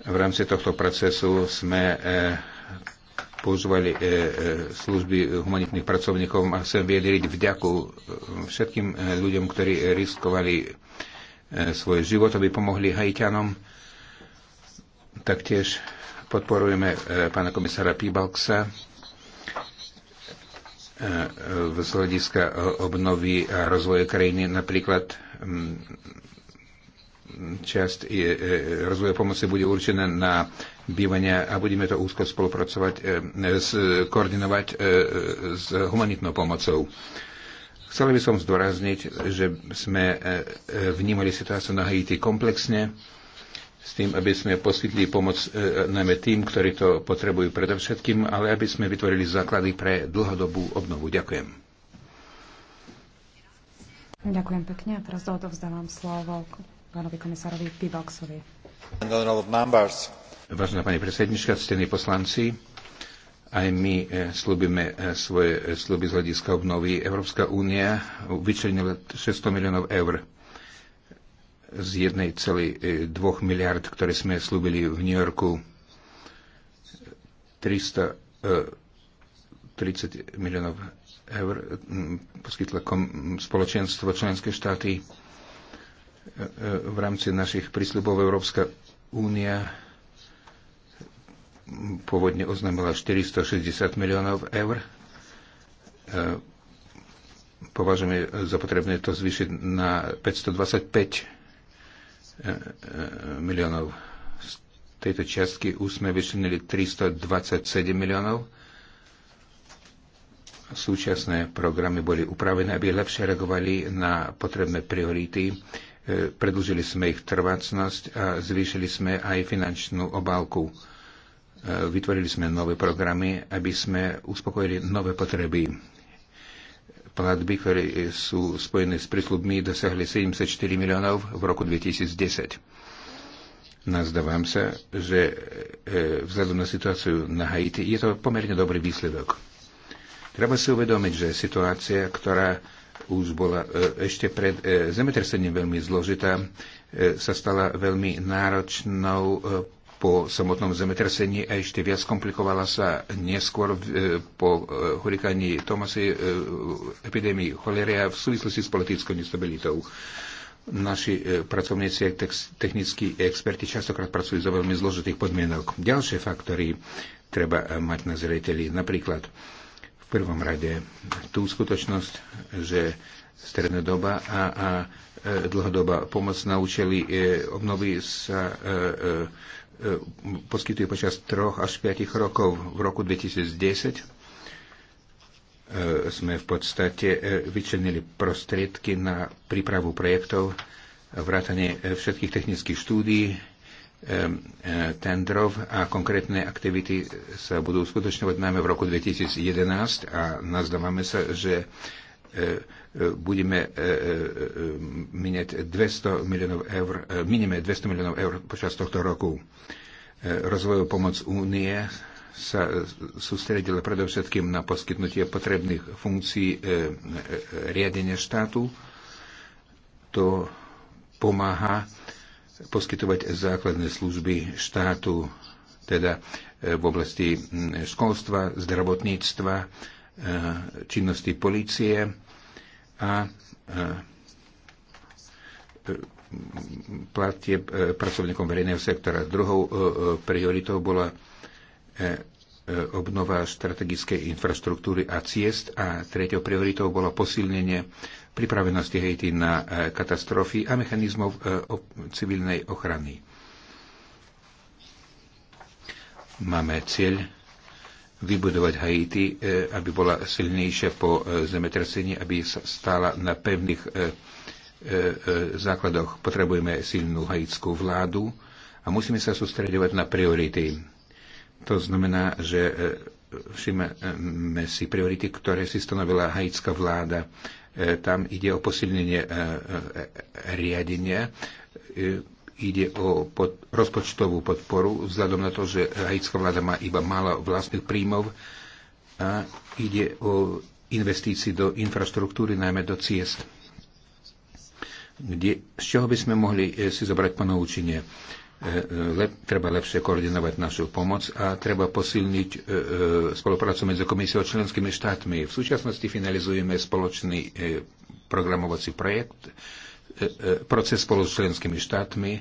V rámci tohto procesu sme e, používali e, e, služby humanitných pracovníkov a chcem vyjadriť vďaku všetkým ľuďom, ktorí riskovali svoj život, aby pomohli Haitianom. Taktiež podporujeme pána komisára Pibalksa z hľadiska obnovy a rozvoje krajiny. Napríklad časť e, rozvoja pomoci bude určená na bývania a budeme to úzko spolupracovať, e, koordinovať e, s humanitnou pomocou. Chcel by som zdôrazniť, že sme vnímali situáciu na Haiti komplexne, s tým, aby sme poskytli pomoc e, najmä tým, ktorí to potrebujú predovšetkým, ale aby sme vytvorili základy pre dlhodobú obnovu. Ďakujem. Ďakujem pekne a teraz odovzdávam slovo pánovi komisárovi Piboxovi. Vážená pani predsednička, ctení poslanci, aj my e, slúbime e, svoje e, sluby z hľadiska obnovy. Európska únia vyčlenila 600 miliónov eur z 1,2 miliard, ktoré sme slúbili v New Yorku. 330 miliónov eur poskytlo spoločenstvo členské štáty v rámci našich prísľubov Európska únia pôvodne oznámila 460 miliónov eur. E, považujeme za potrebné to zvýšiť na 525 e, e, miliónov. Z tejto čiastky už sme vyšlenili 327 miliónov. Súčasné programy boli upravené, aby lepšie reagovali na potrebné priority E, predlžili sme ich trvácnosť a zvýšili sme aj finančnú obálku. E, vytvorili sme nové programy, aby sme uspokojili nové potreby. Platby, ktoré sú spojené s prísľubmi, dosiahli 74 miliónov v roku 2010. Nazdávam sa, že e, vzhľadom na situáciu na Haiti je to pomerne dobrý výsledok. Treba si uvedomiť, že situácia, ktorá už bola e, ešte pred e, zemetrasením veľmi zložitá, e, sa stala veľmi náročnou po samotnom zemetrasení a ešte viac komplikovala sa neskôr po hurikáni Tomasy epidémii choleria v súvislosti s politickou nestabilitou. Naši pracovníci a technickí experti častokrát pracujú za veľmi zložitých podmienok. Ďalšie faktory treba mať na zreteli. Napríklad prvom rade tú skutočnosť, že strednodoba a, a e, dlhodobá pomoc na účely e, obnovy sa e, poskytuje počas troch až 5 rokov. V roku 2010 sme v podstate vyčlenili prostriedky na prípravu projektov, vrátanie všetkých technických štúdií, E, tendrov a konkrétne aktivity sa budú skutočňovať najmä v roku 2011 a nazdávame sa, že e, e, budeme minieť 200 miliónov eur, minime 200 miliónov eur počas tohto roku. Rozvojová pomoc únie sa sústredila predovšetkým na poskytnutie potrebných funkcií riadenia štátu. To pomáha poskytovať základné služby štátu, teda e, v oblasti školstva, zdravotníctva, e, činnosti policie a e, platie pracovníkom verejného sektora. Druhou prioritou bola obnova strategickej infraštruktúry a ciest a tretou prioritou bolo posilnenie pripravenosti Haiti na e, katastrofy a mechanizmov e, civilnej ochrany. Máme cieľ vybudovať Haiti, e, aby bola silnejšia po zemetrasení, aby sa stala na pevných základoch. Potrebujeme silnú haitskú vládu a musíme sa sústredovať na priority. To znamená, že všimme si priority, ktoré si stanovila haitská vláda E, tam ide o posilnenie e, e, riadenia, ide o pod, rozpočtovú podporu, vzhľadom na to, že haitská vláda má iba málo vlastných príjmov a ide o investícii do infraštruktúry, najmä do ciest. Kde, z čoho by sme mohli si zobrať ponaučenie? E, lep, treba lepšie koordinovať našu pomoc a treba posilniť e, e, spoluprácu medzi komisiou a členskými štátmi. V súčasnosti finalizujeme spoločný e, programovací projekt, e, e proces spolu s členskými štátmi.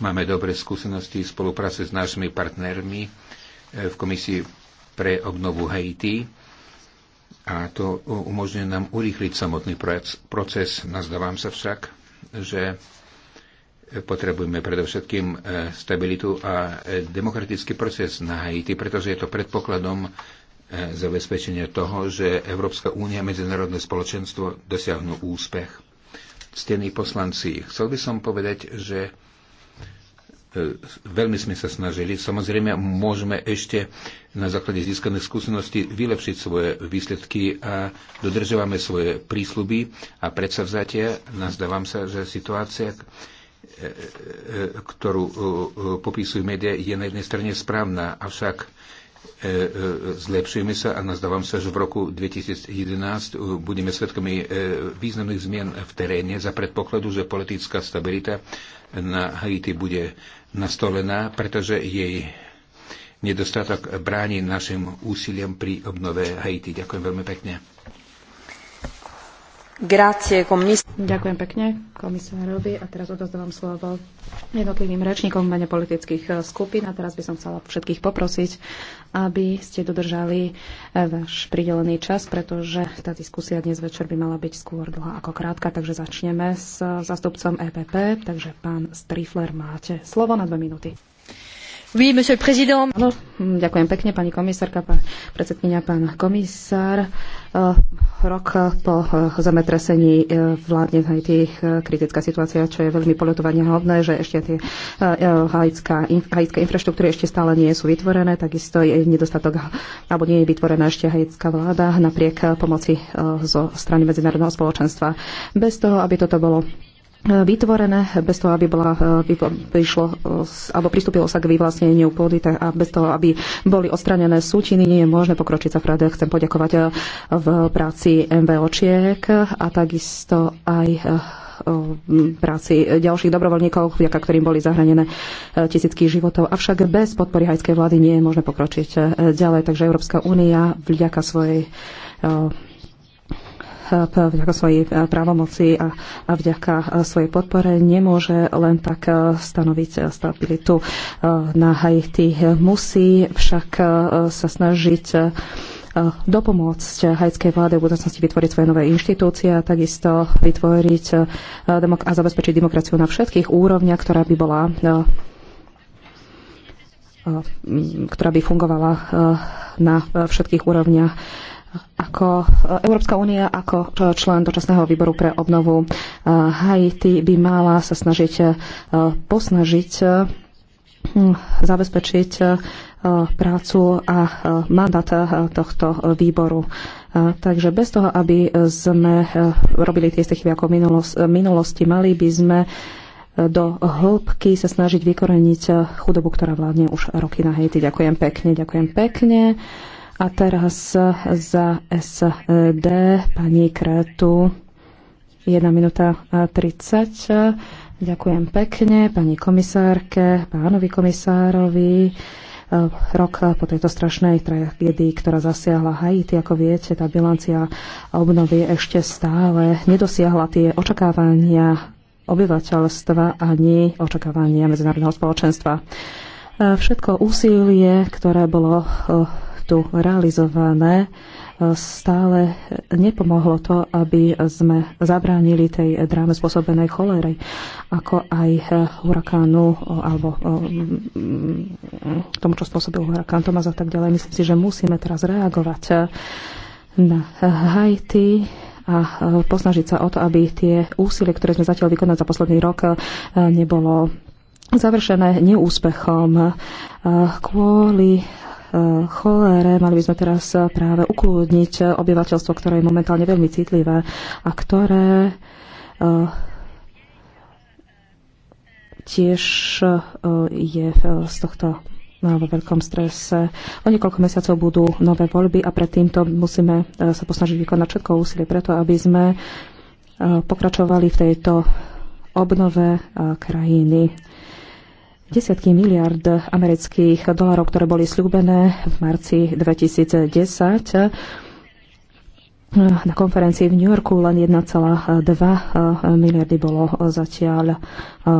Máme dobré skúsenosti v spolupráce s našimi partnermi v komisii pre obnovu Haiti a to umožňuje nám urýchliť samotný proces. Nazdávam sa však, že potrebujeme predovšetkým e, stabilitu a e, demokratický proces na Haiti, pretože je to predpokladom e, zabezpečenia toho, že Európska únia a medzinárodné spoločenstvo dosiahnu úspech. Ctení poslanci, chcel by som povedať, že veľmi sme sa snažili. Samozrejme, môžeme ešte na základe získaných skúseností vylepšiť svoje výsledky a dodržovame svoje prísľuby a predsavzatia. Nazdávam sa, že situácia, ktorú e, e, popisujú médiá, je na jednej strane správna, avšak e, zlepšujeme sa a nazdávam sa, že v roku 2011 budeme svetkami významných zmien v teréne za predpokladu, že politická stabilita na Haiti bude nastolená, pretože jej nedostatok bráni našim úsiliam pri obnove Haiti. Ďakujem veľmi pekne. Grazie, komis- Ďakujem pekne komisárovi a teraz odozdávam slovo jednotlivým rečníkom v mene politických eh, skupín a teraz by som chcela všetkých poprosiť, aby ste dodržali eh, váš pridelený čas, pretože tá diskusia dnes večer by mala byť skôr dlhá ako krátka, takže začneme s eh, zastupcom EPP, takže pán Strifler máte slovo na dve minúty. Oui, monsieur le président. No, ďakujem pekne, pani komisárka, pán predsedkynia, pán komisár. Eh, rok po eh, zemetrasení eh, vládne v Haiti kritická situácia, čo je veľmi poletovanie hodné, že ešte tie haitské infraštruktúry ešte stále nie sú vytvorené, takisto je nedostatok, alebo nie je vytvorená ešte haitská vláda napriek pomoci zo strany medzinárodného spoločenstva. Bez toho, aby toto bolo vytvorené bez toho, aby bola, by prišlo, alebo pristúpilo sa k vyvlastneniu pôdy a bez toho, aby boli odstranené súčiny, nie je možné pokročiť sa vpred. Chcem poďakovať eh, v práci MVOčiek a takisto aj eh, práci ďalších dobrovoľníkov, vďaka ktorým boli zahranené eh, tisícky životov. Avšak bez podpory hajskej vlády nie je možné pokročiť ďalej. Takže Európska únia vďaka svojej vďaka eh, svojej eh, právomoci a vďaka eh, svojej podpore nemôže len tak stanoviť stabilitu na Haiti. Musí však sa snažiť dopomôcť hajskej vláde v budúcnosti vytvoriť svoje nové inštitúcie a takisto vytvoriť a zabezpečiť demokraciu na všetkých úrovniach, ktorá by bola ktorá by fungovala na všetkých úrovniach ako e, Európska únia ako e, člen dočasného výboru pre obnovu e, Haiti by mala sa snažiť posnažiť hm, zabezpečiť prácu a mandát tohto výboru. Takže bez toho, aby sme robili tie isté chyby ako v minulosti, mali by sme do hĺbky sa snažiť vykoreniť chudobu, ktorá vládne už roky na Haiti. Ďakujem pekne, ďakujem pekne. A teraz za SD pani Kretu 1 minúta 30. Ďakujem pekne pani komisárke, pánovi komisárovi rok po tejto strašnej tragédii, ktorá zasiahla Haiti. Ako viete, tá bilancia obnovy ešte stále nedosiahla tie očakávania obyvateľstva ani očakávania medzinárodného spoločenstva. Všetko úsilie, ktoré bolo eh, projektu realizované, e, stále nepomohlo to, aby sme zabránili tej dráme spôsobenej cholery, ako aj e, hurakánu e, alebo mm, tomu, čo spôsobil hurakán Tomás a tak ďalej. Myslím si, že musíme teraz reagovať na Haiti a posnažiť sa o to, aby tie úsilie, ktoré sme zatiaľ vykonali za posledný rok, nebolo završené neúspechom kvôli cholére. Mali by sme teraz práve ukludniť obyvateľstvo, ktoré je momentálne veľmi citlivé a ktoré eh, tiež eh, je z tohto eh, vo veľkom strese. O niekoľko mesiacov budú nové voľby a pred týmto musíme sa posnažiť vykonať všetko úsilie preto, aby sme pokračovali v tejto obnove krajiny desiatky miliard amerických dolarov, ktoré boli slúbené v marci 2010 na konferencii v New Yorku len 1,2 eh, miliardy bolo eh, zatiaľ eh,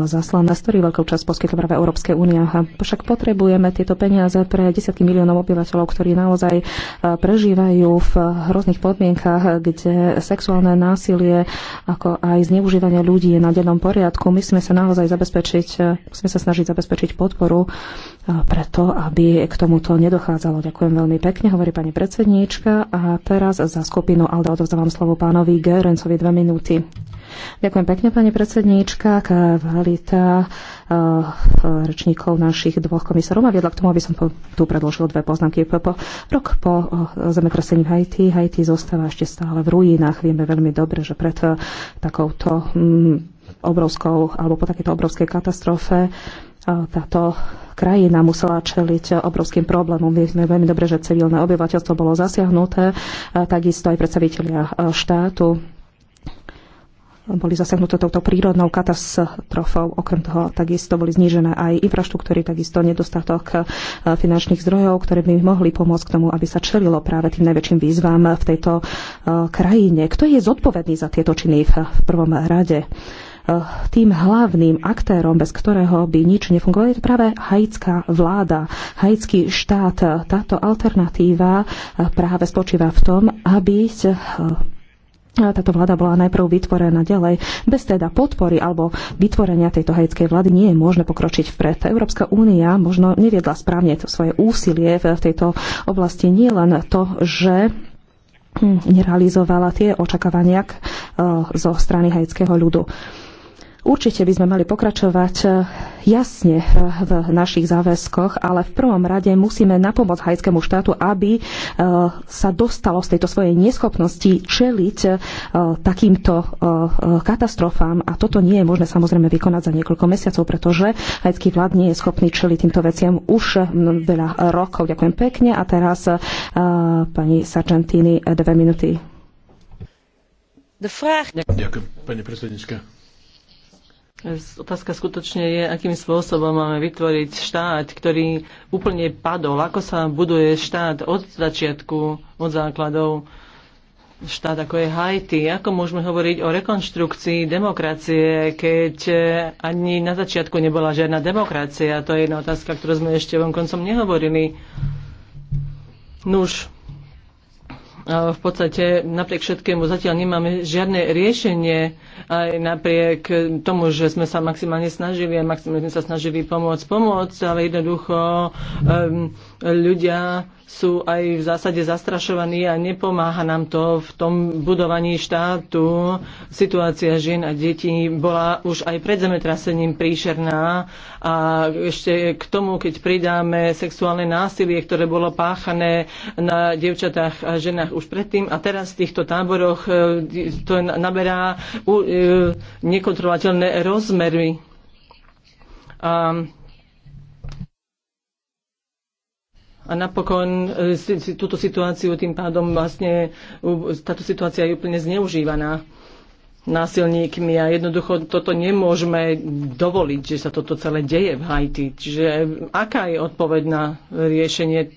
zaslané, z ktorých veľkou časť poskytla práve Európskej únia. Však potrebujeme tieto peniaze pre desiatky miliónov obyvateľov, ktorí naozaj prežívajú v hrozných podmienkach, kde sexuálne násilie, ako aj zneužívanie ľudí je na dennom poriadku. Musíme sa naozaj zabezpečiť, musíme sa snažiť zabezpečiť podporu preto, aby k tomuto nedochádzalo. Ďakujem veľmi pekne, hovorí pani predsedníčka. A teraz za skupinu Alda odovzdávam slovo pánovi Gerencovi dve minúty. Ďakujem pekne, pani predsedníčka. Kvalita eh, rečníkov našich dvoch komisárov ma viedla k tomu, aby som tu predložil dve poznámky. Po, rok po eh, zemetrasení v Haiti, Haiti zostáva ešte stále v ruinách. Vieme veľmi dobre, že pred takouto mm, obrovskou, alebo po takéto obrovskej katastrofe táto krajina musela čeliť obrovským problémom. Vieme veľmi dobre, že civilné obyvateľstvo bolo zasiahnuté, takisto aj predstavitelia e, štátu boli zasiahnuté touto prírodnou katastrofou. Okrem toho takisto boli znížené aj infraštruktúry, takisto nedostatok e, finančných zdrojov, ktoré by mohli pomôcť k tomu, aby sa čelilo práve tým najväčším výzvam v tejto e, krajine. Kto je zodpovedný za tieto činy v prvom rade? Eh, tým hlavným aktérom, bez ktorého by nič nefungovalo, je to práve haitská vláda, haitský štát. Eh, táto alternatíva eh, práve spočíva v tom, aby táto vláda bola najprv vytvorená ďalej. Bez teda podpory alebo vytvorenia tejto haitskej vlády nie je možné pokročiť vpred. Európska únia možno neviedla správne to svoje úsilie v tejto oblasti. Nie len to, že hm, nerealizovala tie očakávania zo strany haitského ľudu. Určite by sme mali pokračovať eh, jasne eh, v našich záväzkoch, ale v prvom rade musíme napomôcť hajskému štátu, aby eh, sa dostalo z tejto svojej neschopnosti čeliť takýmto katastrofám. A toto nie je možné samozrejme vykonať za niekoľko mesiacov, pretože haitský vlád nie je schopný čeliť týmto veciam už veľa rokov. Ďakujem pekne. A teraz pani Sargentini dve minúty. Ďakujem, pani predsednička Otázka skutočne je, akým spôsobom máme vytvoriť štát, ktorý úplne padol. Ako sa buduje štát od začiatku, od základov? štát ako je Haiti. Ako môžeme hovoriť o rekonštrukcii demokracie, keď eh, ani na začiatku nebola žiadna demokracia? To je jedna otázka, ktorú sme ešte vonkoncom nehovorili. Nuž, v podstate napriek všetkému zatiaľ nemáme žiadne riešenie, aj napriek tomu, že sme sa maximálne snažili a maximálne sme sa snažili pomôcť, pomôcť, ale jednoducho um, ľudia sú aj v zásade zastrašovaní a nepomáha nám to v tom budovaní štátu. Situácia žien a detí bola už aj pred zemetrasením príšerná a ešte k tomu, keď pridáme sexuálne násilie, ktoré bolo páchané na devčatách a ženách už predtým a teraz v týchto táboroch e, to naberá e, nekontrolateľné rozmery. A A napokon e, túto situáciu tým pádom vlastne, táto situácia je úplne zneužívaná násilníkmi a jednoducho toto nemôžeme dovoliť, že sa toto celé deje v Haiti. Čiže aká je odpoveď na riešenie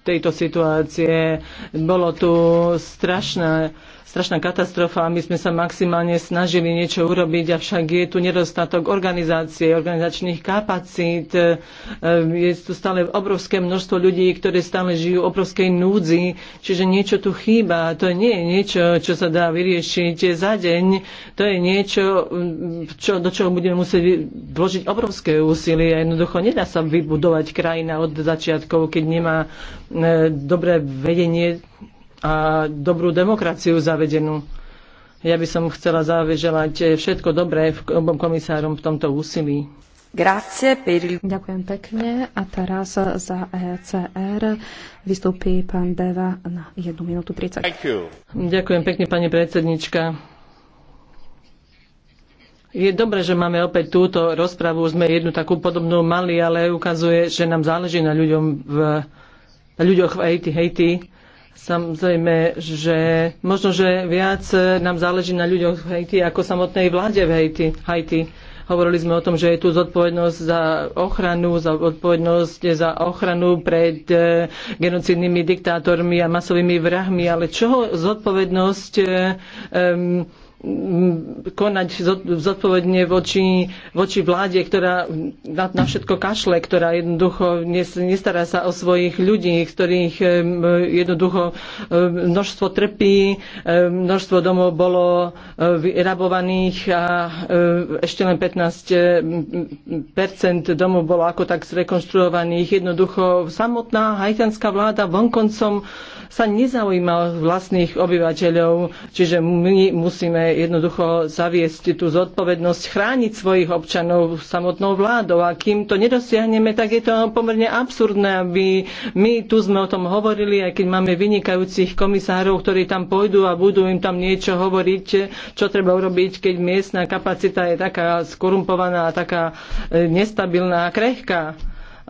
tejto situácie? Bolo tu strašné strašná katastrofa my sme sa maximálne snažili niečo urobiť, avšak je tu nedostatok organizácie, organizačných kapacít, e, e, je tu stále obrovské množstvo ľudí, ktoré stále žijú v obrovskej núdzi, čiže niečo tu chýba. To nie je niečo, čo sa dá vyriešiť za deň, to je niečo, čo, do čoho budeme musieť vložiť obrovské úsilie a jednoducho nedá sa vybudovať krajina od začiatkov, keď nemá e, dobré vedenie a dobrú demokraciu zavedenú. Ja by som chcela záveželať eh, všetko dobré obom komisárom v tomto úsilí. Per... Ďakujem pekne. A teraz za ECR vystúpi pán Deva na 1 minútu 30. Ďakujem pekne, pani predsednička. Je dobré, že máme opäť túto rozpravu. Sme jednu takú podobnú mali, ale ukazuje, že nám záleží na, ľuďom v, na ľuďoch v Haiti. Haiti Samozrejme, že možno, že viac nám záleží na ľuďoch v Haiti ako samotnej vláde v Haiti. Haiti. Hovorili sme o tom, že je tu zodpovednosť za ochranu, za odpovednosť za ochranu pred eh, genocidnými diktátormi a masovými vrahmi, ale čoho zodpovednosť um, konať zodpovedne voči, voči vláde, ktorá na, na všetko kašle, ktorá jednoducho nestará sa o svojich ľudí, ktorých jednoducho množstvo trpí, množstvo domov bolo e, vyrabovaných a e, ešte len 15 domov bolo ako tak zrekonštruovaných. Jednoducho samotná haitianská vláda vonkoncom sa nezaujíma vlastných obyvateľov, čiže my musíme jednoducho zaviesť tú zodpovednosť, chrániť svojich občanov samotnou vládou. A kým to nedosiahneme, tak je to pomerne absurdné, aby my tu sme o tom hovorili, aj keď máme vynikajúcich komisárov, ktorí tam pôjdu a budú im tam niečo hovoriť, čo treba urobiť, keď miestna kapacita je taká skorumpovaná, taká e, nestabilná a krehká.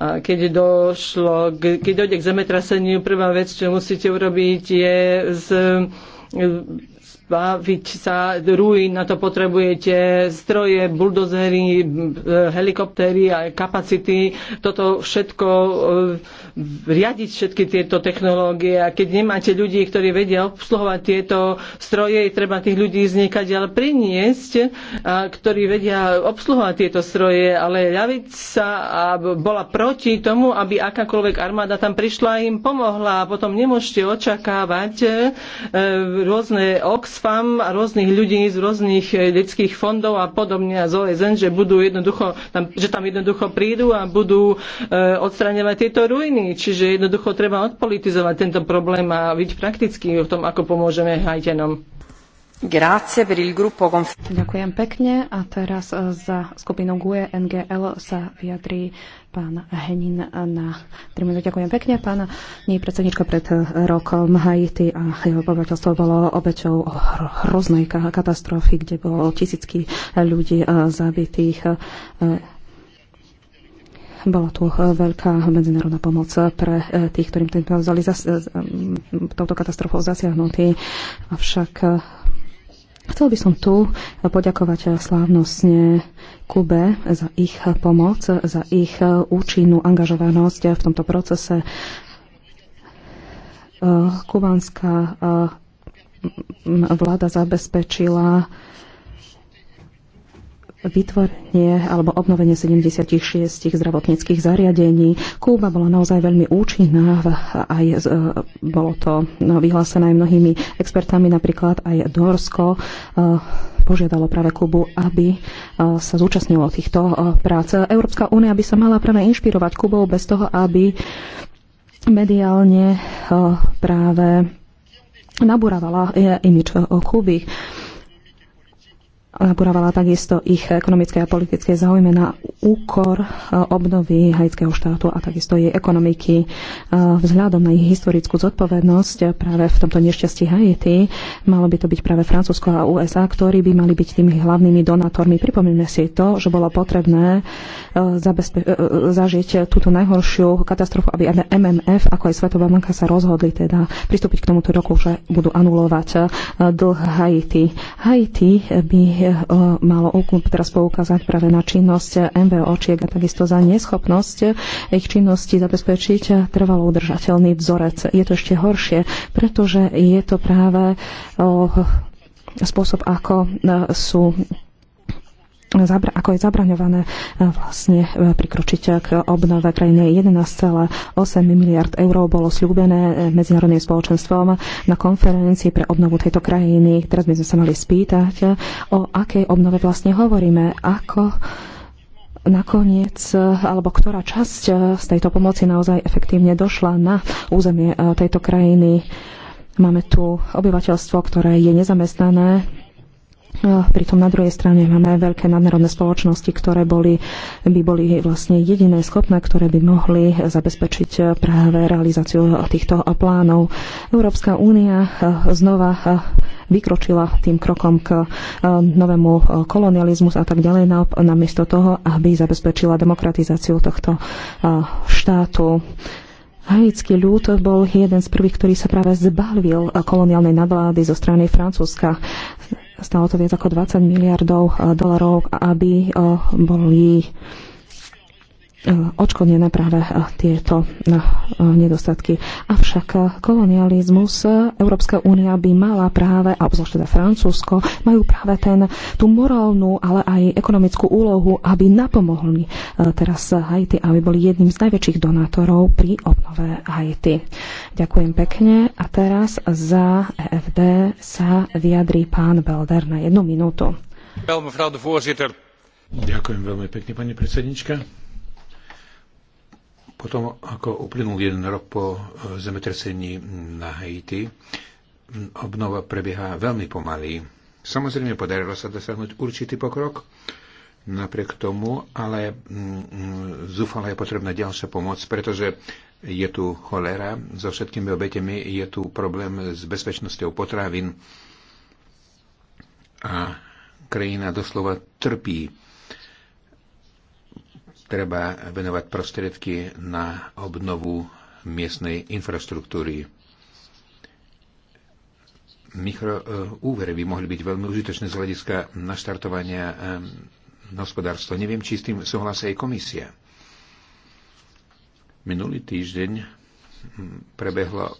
A keď, došlo, keď dojde k zemetraseniu, prvá vec, čo musíte urobiť, je z, Baviť sa ruj na to potrebujete stroje, buldozery, eh, helikoptéry a kapacity, toto všetko eh, riadiť všetky tieto technológie a keď nemáte ľudí, ktorí vedia obsluhovať tieto stroje, treba tých ľudí znikať, ale priniesť, eh, ktorí vedia obsluhovať tieto stroje, ale a bola proti tomu, aby akákoľvek armáda tam prišla a im pomohla a potom nemôžete očakávať rôzne ox Oxfam a rôznych ľudí z rôznych eh, detských fondov a podobne a z OSN, že, budú jednoducho, tam, že tam jednoducho prídu a budú e, odstraňovať tieto ruiny. Čiže jednoducho treba odpolitizovať tento problém a byť praktický v tom, ako pomôžeme hajtenom. Ďakujem pekne a teraz e, za skupinu GUE NGL sa vyjadrí pán Henin na 3 minúty. Ďakujem pekne, pán nie predsednička pred e, rokom Haiti a jeho obyvateľstvo bolo obeťou hroznej katastrofy, kde bolo tisícky ľudí e, zabitých bola tu veľká medzinárodná pomoc pre tých, ktorým tým vzali touto katastrofou zasiahnutí. Avšak Chcel by som tu poďakovať slávnostne Kube za ich pomoc, za ich účinnú angažovanosť v tomto procese. Kubánska eh, vláda zabezpečila vytvorenie alebo obnovenie 76 zdravotníckých zariadení. Kúba bola naozaj veľmi účinná, aj bolo to no, vyhlásené aj mnohými expertami, napríklad aj Dorsko e, požiadalo práve Kubu, aby e, sa zúčastnilo týchto e, prác. Európska únia by sa mala práve inšpirovať Kubou bez toho, aby mediálne práve naburávala imič Kuby elaborovala takisto ich ekonomické a politické záujme na úkor e, obnovy haitského štátu a takisto jej ekonomiky. E, vzhľadom na ich historickú zodpovednosť e, práve v tomto nešťastí Haiti malo by to byť práve Francúzsko a USA, ktorí by mali byť tými hlavnými donátormi. Pripomíname si to, že bolo potrebné zažiť túto najhoršiu katastrofu, aby MMF ako aj Svetová banka sa rozhodli teda pristúpiť k tomuto roku, že budú anulovať dlh Haiti. Haiti by malo UKUP teraz poukázať práve na činnosť MVOčiek a takisto za neschopnosť ich činnosti zabezpečiť trvalo udržateľný vzorec. Je to ešte horšie, pretože je to práve spôsob, ako e, sú ako je zabraňované e, vlastne e, prikročiť k obnove krajiny. 11,8 miliard eur bolo slúbené e, medzinárodným spoločenstvom na konferencii pre obnovu tejto krajiny. Teraz by sme sa mali spýtať, o akej obnove vlastne hovoríme, ako nakoniec, alebo ktorá časť z tejto pomoci naozaj efektívne došla na územie tejto krajiny. Máme tu obyvateľstvo, ktoré je nezamestnané, Pritom na druhej strane máme veľké nadnárodné spoločnosti, ktoré boli, by boli vlastne jediné schopné, ktoré by mohli zabezpečiť práve realizáciu týchto plánov. Európska únia e, znova e, vykročila tým krokom k e, novému kolonializmu a tak ďalej, namiesto toho, aby zabezpečila demokratizáciu tohto štátu. Haitský ľud bol jeden z prvých, ktorý sa práve zbavil koloniálnej nadvlády zo strany Francúzska Stalo to viac ako 20 miliardov eh, dolarov, aby eh, boli E, odškodnené práve e, tieto e, nedostatky. Avšak kolonializmus Európska únia by mala práve, a obzvlášť teda Francúzsko, majú práve ten, tú morálnu, ale aj ekonomickú úlohu, aby napomohli teraz Haiti, aby boli jedným z najväčších donátorov pri obnove Haiti. Ďakujem pekne a teraz za EFD sa vyjadrí pán Belder na jednu minútu. Ďakujem veľmi pekne, pani predsednička potom, ako uplynul jeden rok po e, zemetrasení na Haiti, obnova prebieha veľmi pomaly. Samozrejme, podarilo sa dosiahnuť určitý pokrok, napriek tomu, ale mm, mm, zúfala je potrebná ďalšia pomoc, pretože je tu cholera, so všetkými obetemi je tu problém s bezpečnosťou potravín a krajina doslova trpí Treba venovať prostriedky na obnovu miestnej infraštruktúry. Mikroúvery e, by mohli byť veľmi užitočné z hľadiska naštartovania e, hospodárstva. Neviem, či s tým súhlasí aj komisia. Minulý týždeň prebehlo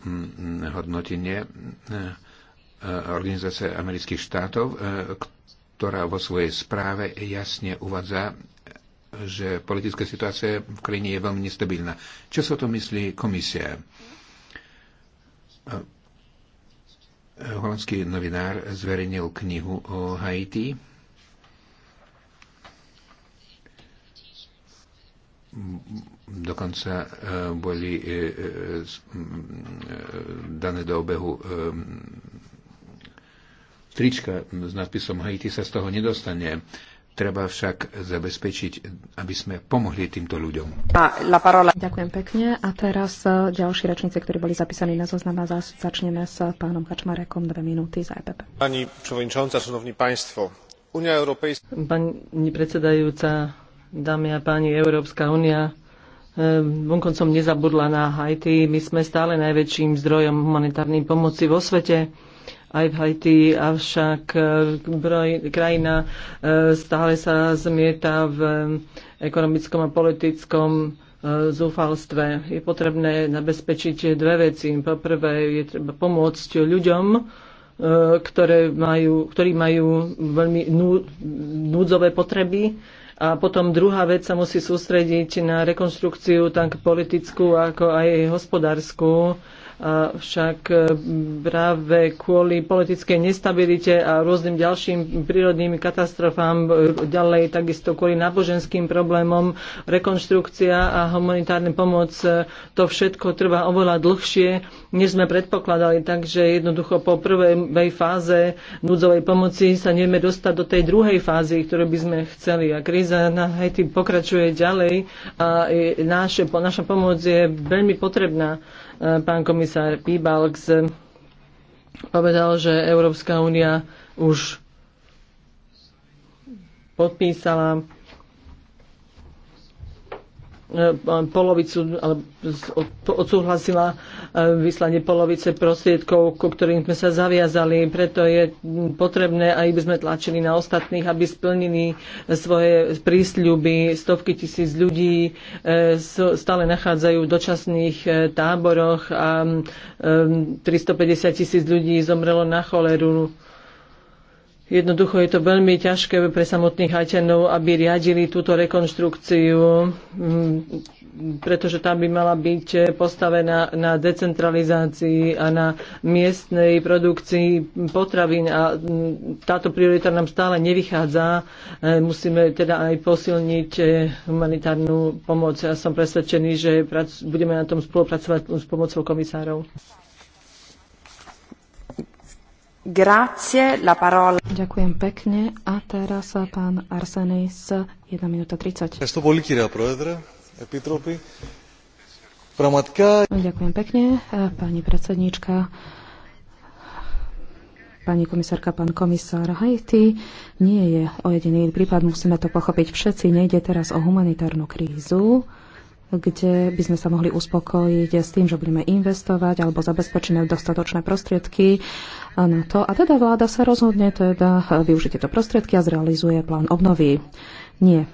hodnotenie e, Organizácie amerických štátov, ktorá vo svojej správe jasne uvádza, že politická situácia v krajine je veľmi nestabilná. Čo sa o tom myslí komisia? Holandský novinár zverejnil knihu o Haiti. Dokonca e, boli e, e, dané do obehu trička s nadpisom Haiti sa z toho nedostane. Treba však zabezpečiť, aby sme pomohli týmto ľuďom. A la parola. Ďakujem pekne. A teraz e, ďalší rečníci, ktorí boli zapísaní na zoznam a začneme s pánom Kačmarekom dve minúty za EPP. Pani przewodnicząca, szanowni pánstvo, Unia Európejská... Pani predsedajúca, dámy a páni, Európska únia e, vonkoncom nezabudla na Haiti. My sme stále najväčším zdrojom humanitárnej pomoci vo svete aj v Haiti, avšak e, krajina e, stále sa zmieta v ekonomickom a politickom e, zúfalstve. Je potrebné zabezpečiť dve veci. Po prvé je treba pomôcť ľuďom, ktoré majú, ktorí majú veľmi núdzové potreby. A potom druhá vec sa musí sústrediť na rekonstrukciu tak politickú, ako aj hospodárskú však eh, práve kvôli politickej nestabilite a rôznym ďalším prírodným katastrofám, eh, ďalej takisto kvôli náboženským problémom, rekonštrukcia a humanitárna pomoc, eh, to všetko trvá oveľa dlhšie, než sme predpokladali. Takže jednoducho po prvej fáze núdzovej pomoci sa nevieme dostať do tej druhej fázy, ktorú by sme chceli. A kríza na Haiti pokračuje ďalej a naše, naša pomoc je veľmi potrebná. Pán komisár Pibalks povedal, že Európska únia už podpísala E, polovicu, odsúhlasila e, vyslanie polovice prostriedkov, ku ktorým sme sa zaviazali. Preto je potrebné, aby sme tlačili na ostatných, aby splnili svoje prísľuby. Stovky tisíc ľudí e, stále nachádzajú v dočasných táboroch a 350 tisíc ľudí zomrelo na choleru. Jednoducho je to veľmi ťažké pre samotných Haťanov, aby riadili túto rekonštrukciu, mm, pretože tá by mala byť postavená na decentralizácii a na miestnej produkcii potravín a mm, táto priorita nám stále nevychádza. E, musíme teda aj posilniť e, humanitárnu pomoc. Ja som presvedčený, že budeme na tom spolupracovať s pomocou komisárov. Grazie, la parola. Ďakujem pekne. A teraz eh, pán Arsenis, 1 minúta 30. Ďakujem pekne, eh, pani predsedníčka pani komisárka, pán komisár Haiti nie je ojedený prípad, musíme to pochopiť všetci. Nejde teraz o humanitárnu krízu, kde by sme sa mohli uspokojiť s tým, že budeme investovať alebo zabezpečené dostatočné prostriedky na to. A teda vláda sa rozhodne teda využiť tieto prostriedky a zrealizuje plán obnovy. Nie.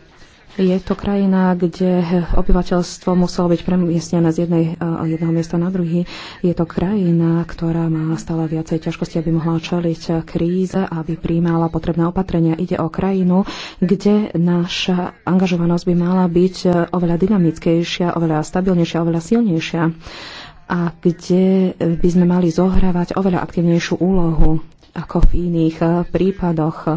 Je to krajina, kde obyvateľstvo muselo byť premiestnené z jednej, e, jedného miesta na druhý. Je to krajina, ktorá má stále viacej ťažkosti, aby mohla čeliť kríze, aby príjmala potrebné opatrenia. Ide o krajinu, kde naša angažovanosť by mala byť e, oveľa dynamickejšia, oveľa stabilnejšia, oveľa silnejšia a kde by sme mali zohrávať oveľa aktívnejšiu úlohu ako v iných eh, prípadoch, eh,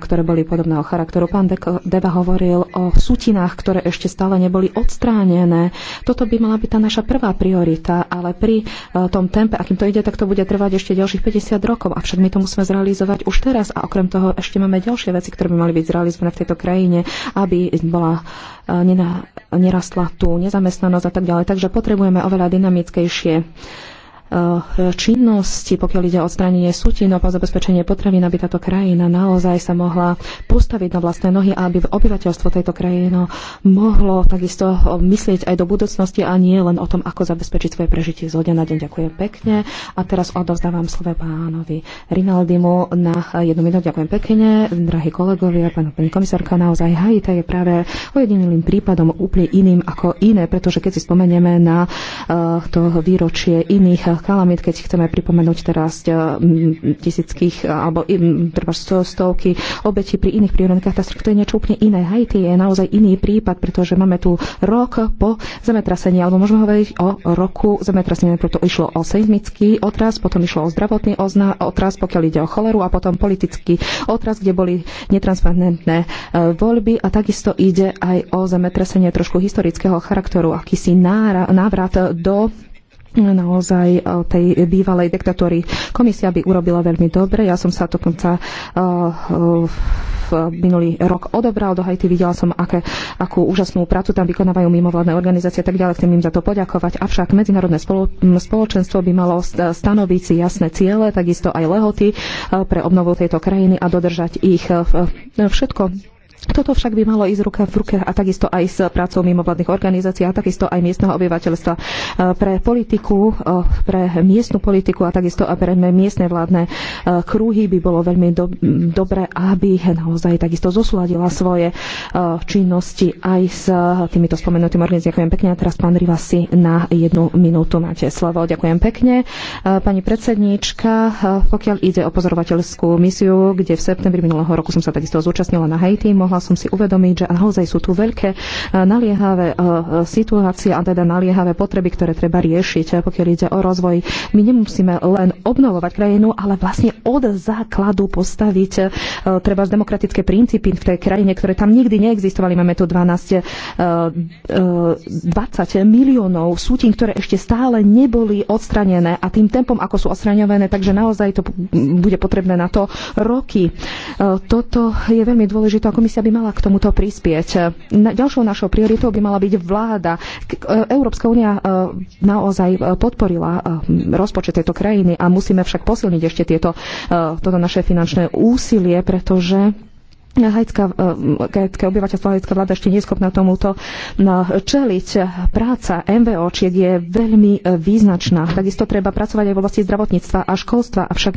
ktoré boli podobného charakteru. Pán Deva hovoril o sutinách, ktoré ešte stále neboli odstránené. Toto by mala byť tá naša prvá priorita, ale pri eh, tom tempe, akým to ide, tak to bude trvať ešte ďalších 50 rokov. Avšak my to musíme zrealizovať už teraz a okrem toho ešte máme ďalšie veci, ktoré by mali byť zrealizované v tejto krajine, aby bola nerastla tu nezamestnanosť a tak ďalej. Takže potrebujeme oveľa dynamickejšie Eh, činnosti, pokiaľ ide o odstránenie sutinov a zabezpečenie potravín, aby táto krajina naozaj sa mohla postaviť na vlastné nohy a aby obyvateľstvo tejto krajiny mohlo takisto eh, myslieť aj do budúcnosti a nie len o tom, ako zabezpečiť svoje prežitie zo dňa na deň. Ďakujem pekne. A teraz odovzdávam slove pánovi Rinaldimu na jednu minútu. Ďakujem pekne, drahí kolegovia, pán, pani komisárka, naozaj Haita je práve ojedinilým prípadom úplne iným ako iné, pretože keď si spomenieme na uh, to výročie iných Eh, kalamit, keď chceme pripomenúť teraz eh, tisíckých eh, alebo treba stovky obetí pri iných prírodných katastrofách. To je niečo úplne iné. Haiti je naozaj iný prípad, pretože máme tu rok po zemetrasení, alebo môžeme hovoriť o roku zemetrasenia. Preto išlo o seismický otras, potom išlo o zdravotný otras, pokiaľ ide o choleru a potom politický otras, kde boli netransparentné voľby a takisto ide aj o zemetrasenie trošku historického charakteru, akýsi návrat do naozaj e, tej bývalej diktatúry. Komisia by urobila veľmi dobre. Ja som sa dokonca e, e, minulý rok odobral do Haiti. Videla som, aké, akú úžasnú prácu tam vykonávajú mimovládne organizácie a tak ďalej. Chcem im za to poďakovať. Avšak medzinárodné spolo, spoločenstvo by malo stanoviť si jasné ciele, takisto aj lehoty pre obnovu tejto krajiny a dodržať ich všetko toto však by malo ísť ruka v ruke a takisto aj s prácou mimovládnych organizácií a takisto aj miestneho obyvateľstva e, pre politiku, e, pre miestnu politiku a takisto aj pre miestne vládne e, krúhy by bolo veľmi do, dobre, aby naozaj takisto zosúladila svoje činnosti aj s týmito spomenutými organizáciami. Ďakujem pekne a teraz pán Rivasi na jednu minútu máte slovo. Ďakujem pekne. Pani predsedníčka, pokiaľ ide o pozorovateľskú misiu, kde v septembri minulého roku som sa takisto zúčastnila na Haiti, mohla mohla som si uvedomiť, že naozaj sú tu veľké e, naliehavé e, situácie a teda naliehavé potreby, ktoré treba riešiť, e, pokiaľ ide o rozvoj. My nemusíme len obnovovať krajinu, ale vlastne od základu postaviť treba z demokratické princípy v tej krajine, ktoré tam nikdy neexistovali. Máme tu 12, 20 miliónov sútín, ktoré ešte stále neboli odstranené a tým tempom, ako sú odstraňované, takže naozaj to bude potrebné na to roky. Toto je veľmi dôležité a komisia by mala k tomuto prispieť. Ďalšou našou prioritou by mala byť vláda. E, Európska únia e, naozaj e, podporila rozpočet tejto krajiny a musíme však posilniť ešte tieto, toto naše finančné úsilie, pretože Haitská, eh, haitské obyvateľstvo, haitská vláda ešte nie je schopná tomuto eh, čeliť. Práca čiek je veľmi eh, význačná. Takisto treba pracovať aj v oblasti zdravotníctva a školstva, avšak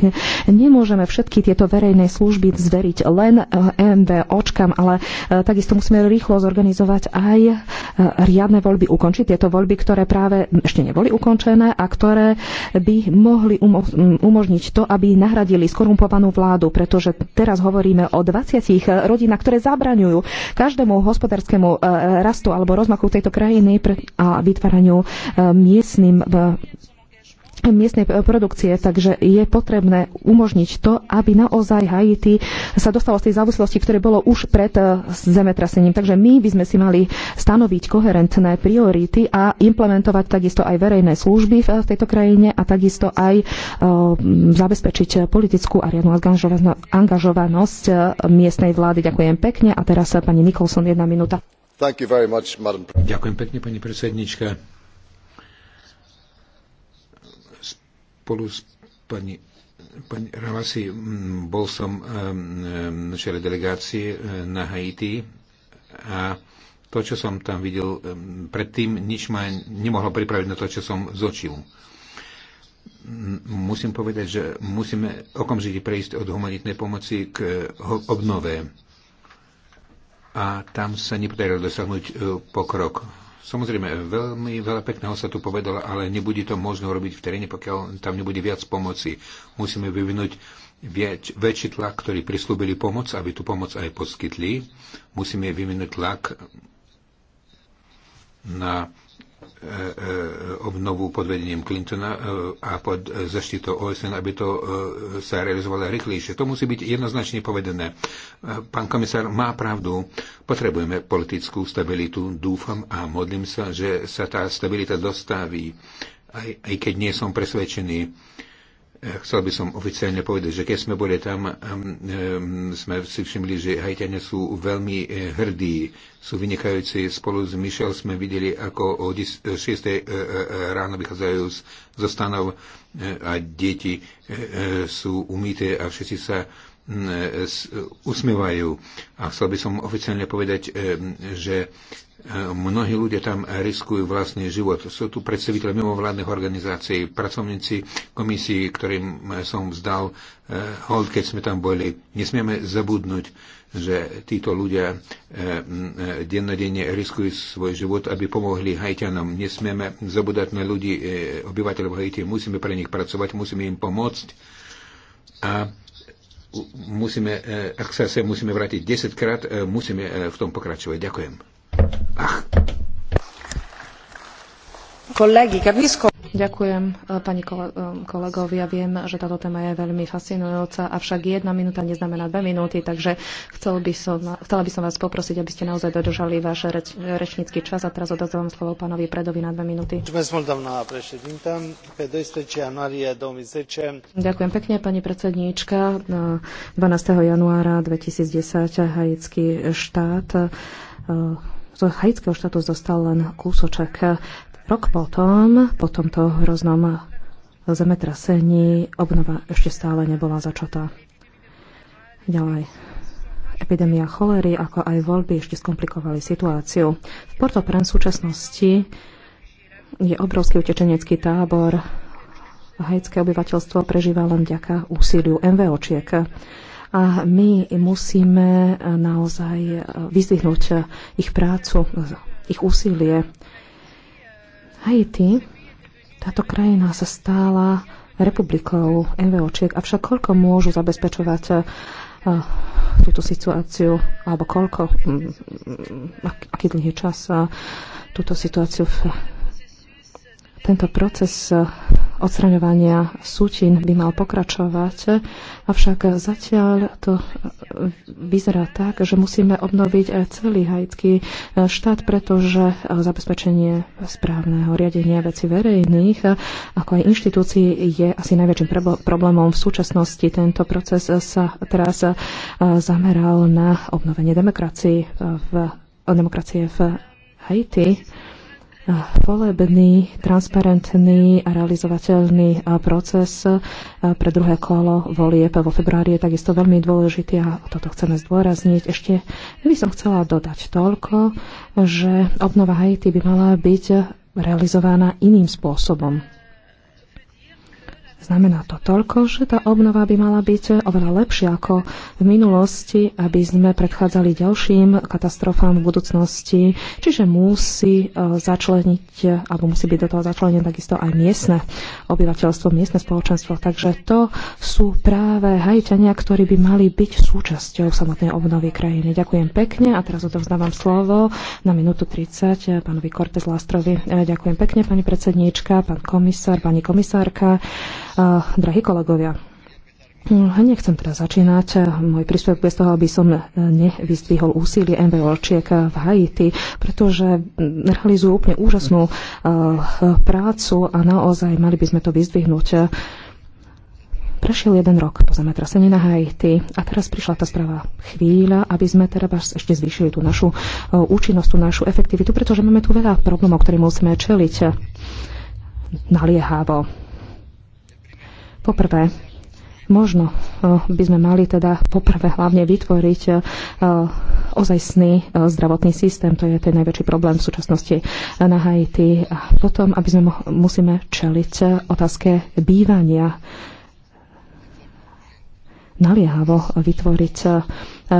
nemôžeme všetky tieto verejné služby zveriť len MVOčkám, ale takisto musíme rýchlo zorganizovať aj riadne voľby, ukončiť tieto voľby, ktoré práve ešte neboli ukončené a ktoré by mohli mm, umožniť to, aby nahradili skorumpovanú vládu, pretože teraz hovoríme o 20 rodinách, ktoré zabraňujú každému hospodárskému e, e, rastu alebo rozmachu tejto krajiny a vytváraniu e, miestnym miestnej produkcie, takže je potrebné umožniť to, aby naozaj Haiti sa dostalo z tej závislosti, ktoré bolo už pred eh, zemetrasením. Takže my by sme si mali stanoviť koherentné priority a implementovať takisto aj verejné služby v eh, tejto krajine a takisto aj eh, zabezpečiť politickú a riadnu angažovanosť miestnej vlády. Ďakujem pekne a teraz pani Nikolson, jedna minúta. Much, Ďakujem pekne, pani predsednička. Spolu s pani, pani Ramasi bol som na čele delegácie e, na Haiti a to, čo som tam videl predtým, nič ma nemohlo pripraviť na to, čo som zočil musím povedať, že musíme okamžite prejsť od humanitnej pomoci k e, obnove. A tam sa nepodarilo dosiahnuť e, pokrok. Samozrejme, veľmi veľa pekného sa tu povedalo, ale nebude to možné robiť v teréne, pokiaľ tam nebude viac pomoci. Musíme vyvinúť väč, väčší tlak, ktorí prislúbili pomoc, aby tú pomoc aj poskytli. Musíme vyvinúť tlak na E, e, obnovu pod vedením Clintona e, a pod zaštitou OSN, aby to sa realizovalo rýchlejšie. To musí byť jednoznačne povedené. Pán komisár má pravdu. Potrebujeme politickú stabilitu. Dúfam a modlím sa, že sa tá stabilita dostaví, aj, aj keď nie som presvedčený Chcel by som oficiálne povedať, že keď sme boli tam, sme si všimli, že Haitiania sú veľmi eh, hrdí, sú vynikajúci. Spolu s Michel sme videli, ako o 6. Eh, eh, ráno vychádzajú zo stanov a deti sú umité a všetci sa mm, usmievajú. A chcel by som oficiálne povedať, že Mnohí ľudia tam riskujú vlastný život. Sú tu predstaviteľi mimovládnych organizácií, pracovníci komisii, ktorým som vzdal eh, hold, keď sme tam boli. Nesmieme zabudnúť, že títo ľudia eh, mm, dennodenne riskujú svoj život, aby pomohli hajťanom. Nesmieme zabudať na ľudí, eh, obyvateľov Haiti. Musíme pre nich pracovať, musíme im pomôcť. A musíme, ak sa sem musíme vrátiť 10 krát, musíme v tom pokračovať. Ďakujem. Ďakujem eh, pani eh, kolegovi. Ja viem, že táto téma je veľmi fascinujúca, avšak jedna minúta neznamená dve minúty, takže chcel by som, chcela by som vás poprosiť, aby ste naozaj dodržali váš reč, rečnícky čas a teraz odozdávam slovo pánovi Predovi na dve minúty. Ďakujem pekne, pani predsedníčka. 12. Eh, januára 2010 haitský štát z haitského štátu zostal len kúsoček. Rok potom, po tomto hroznom zemetrasení, obnova ešte stále nebola začatá. Ďalej. Epidémia cholery, ako aj voľby ešte skomplikovali situáciu. V porto au v súčasnosti je obrovský utečenecký tábor. Haitské obyvateľstvo prežíva len vďaka úsiliu MVOčiek a my musíme eh, naozaj eh, vyzvihnúť eh, ich prácu, ich úsilie. Haiti, táto krajina sa stála republikou NVOčiek, avšak koľko môžu zabezpečovať túto situáciu, alebo koľko, mm, mm, mm, aký dlhý čas túto situáciu, tento proces odstraňovania sútin by mal pokračovať, avšak zatiaľ to vyzerá tak, že musíme obnoviť celý haitský štát, pretože zabezpečenie správneho riadenia veci verejných, ako aj inštitúcií, je asi najväčším problémom v súčasnosti. Tento proces sa teraz zameral na obnovenie demokracie v, demokracie v Haiti volebný, transparentný a realizovateľný proces pre druhé kolo volieb vo februári je takisto veľmi dôležitý a toto chceme zdôrazniť. Ešte by som chcela dodať toľko, že obnova Haiti by mala byť realizovaná iným spôsobom. Znamená to toľko, že tá obnova by mala byť oveľa lepšia ako v minulosti, aby sme predchádzali ďalším katastrofám v budúcnosti. Čiže musí e, začleniť, alebo musí byť do toho začlenené takisto aj miestne obyvateľstvo, miestne spoločenstvo. Takže to sú práve hajťania, ktorí by mali byť súčasťou samotnej obnovy krajiny. Ďakujem pekne a teraz odovzdávam slovo na minútu 30 pánovi Cortez Lastrovi. E, ďakujem pekne, pani predsedníčka, pán komisár, pani komisárka. Drahí kolegovia, hm, Nechcem teraz začínať môj príspevok bez toho, aby som e, nevyzdvihol úsilie MVOčiek v Haiti, pretože hm, realizujú úplne úžasnú e, prácu a naozaj mali by sme to vyzdvihnúť. Prešiel jeden rok po zemetrasení na Haiti a teraz prišla tá správa chvíľa, aby sme teda ešte zvýšili tú našu e, účinnosť, tú našu efektivitu, pretože máme tu veľa problémov, ktorým musíme čeliť naliehavo Poprvé, možno e, by sme mali teda poprvé hlavne vytvoriť e, ozajstný e, zdravotný systém, to je ten najväčší problém v súčasnosti na Haiti. A potom, aby sme musíme čeliť otázke bývania, naliehavo vytvoriť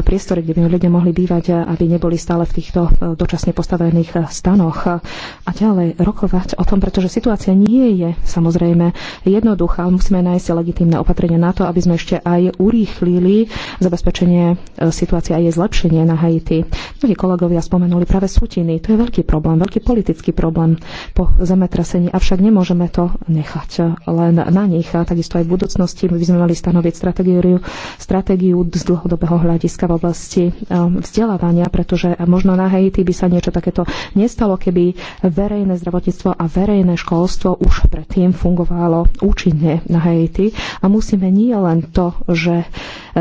priestory, kde by ľudia mohli bývať, eh, aby neboli stále v týchto eh, dočasne postavených eh, stanoch a ďalej rokovať o tom, pretože situácia nie je samozrejme jednoduchá. Musíme nájsť legitímne opatrenie na to, aby sme ešte aj urýchlili zabezpečenie situácie a jej zlepšenie na Haiti. Mnohí kolegovia spomenuli práve sutiny. To je veľký problém, veľký politický problém po zemetrasení, avšak nemôžeme to nechať len na nich. A takisto aj v budúcnosti by sme mali stanoviť stratégiu, stratégiu z dlhodobého hľadiska otázka v oblasti um, vzdelávania, pretože možno na Haiti by sa niečo takéto nestalo, keby verejné zdravotníctvo a verejné školstvo už predtým fungovalo účinne na Haiti. A musíme nie len to, že e,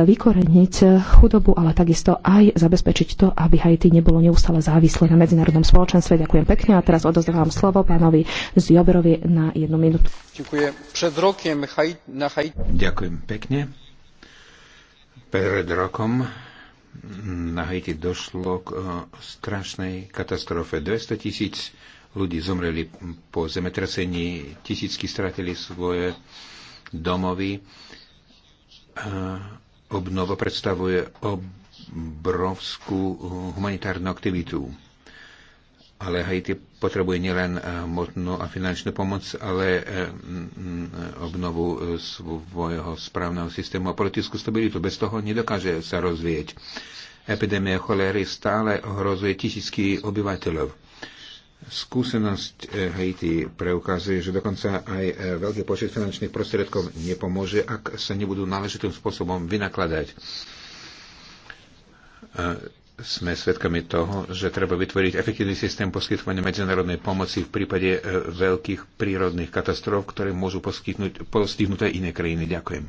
vykoreniť e, chudobu, ale takisto aj zabezpečiť to, aby Haiti nebolo neustále závislé na medzinárodnom spoločenstve. Ďakujem pekne a teraz odozdávam slovo pánovi Zjoberovi na jednu minútu. Ďakujem. Ďakujem pekne. Pred rokom na Haiti došlo k e, strašnej katastrofe. 200 tisíc ľudí zomreli po zemetrasení, tisícky stratili svoje domovy. E, Obnova predstavuje obrovskú e, humanitárnu aktivitu ale Haiti potrebuje nielen eh, hmotnú a finančnú pomoc, ale eh, mm, obnovu eh, svojho správneho systému a politickú stabilitu. Bez toho nedokáže sa rozvieť. Epidémia cholery stále ohrozuje tisícky obyvateľov. Skúsenosť Haiti preukazuje, že dokonca aj veľký počet finančných prostriedkov nepomôže, ak sa nebudú náležitým spôsobom vynakladať sme svedkami toho, že treba vytvoriť efektívny systém poskytovania medzinárodnej pomoci v prípade e, veľkých prírodných katastrof, ktoré môžu poskytnúť postihnuté iné krajiny. Ďakujem.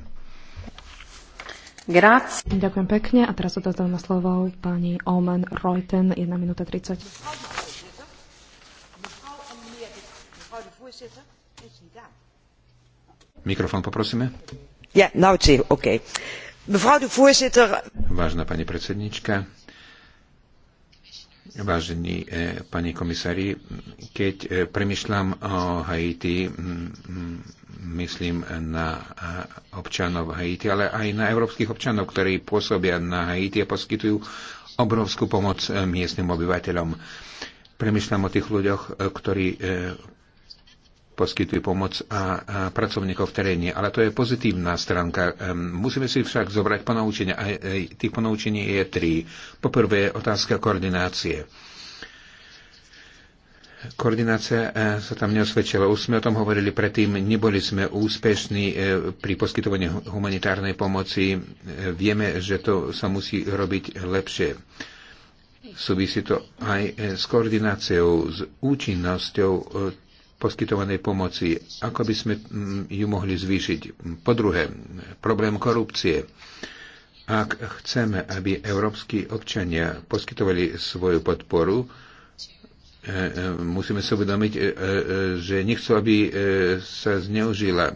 Grazie. Ďakujem pekne a teraz na slovo pani Omen Reuten, 1 minúta 30. Mikrofón poprosíme. Ja, yeah, now it's okay. Mevrouw de voorzitter. Vážna pani predsednička, Vážení e, pani komisári, keď e, premyšľam o Haiti, myslím na e, občanov Haiti, ale aj na európskych občanov, ktorí pôsobia na Haiti a poskytujú obrovskú pomoc miestnym obyvateľom. Premyšľam o tých ľuďoch, ktorí poskytujú pomoc a, a pracovníkov v teréne. Ale to je pozitívna stránka. Musíme si však zobrať ponaučenia. A tých ponaučení je tri. Poprvé otázka koordinácie. Koordinácia e, sa tam neosvedčila. Už sme o tom hovorili predtým, neboli sme úspešní e, pri poskytovaní humanitárnej pomoci. E, vieme, že to sa musí robiť lepšie. Súvisí to aj s koordináciou, s účinnosťou poskytovanej pomoci, ako by sme mm, ju mohli zvýšiť. Po druhé, problém korupcie. Ak chceme, aby európsky občania poskytovali svoju podporu, e, e, musíme sa uvedomiť, e, že nechcú, aby sa zneužila.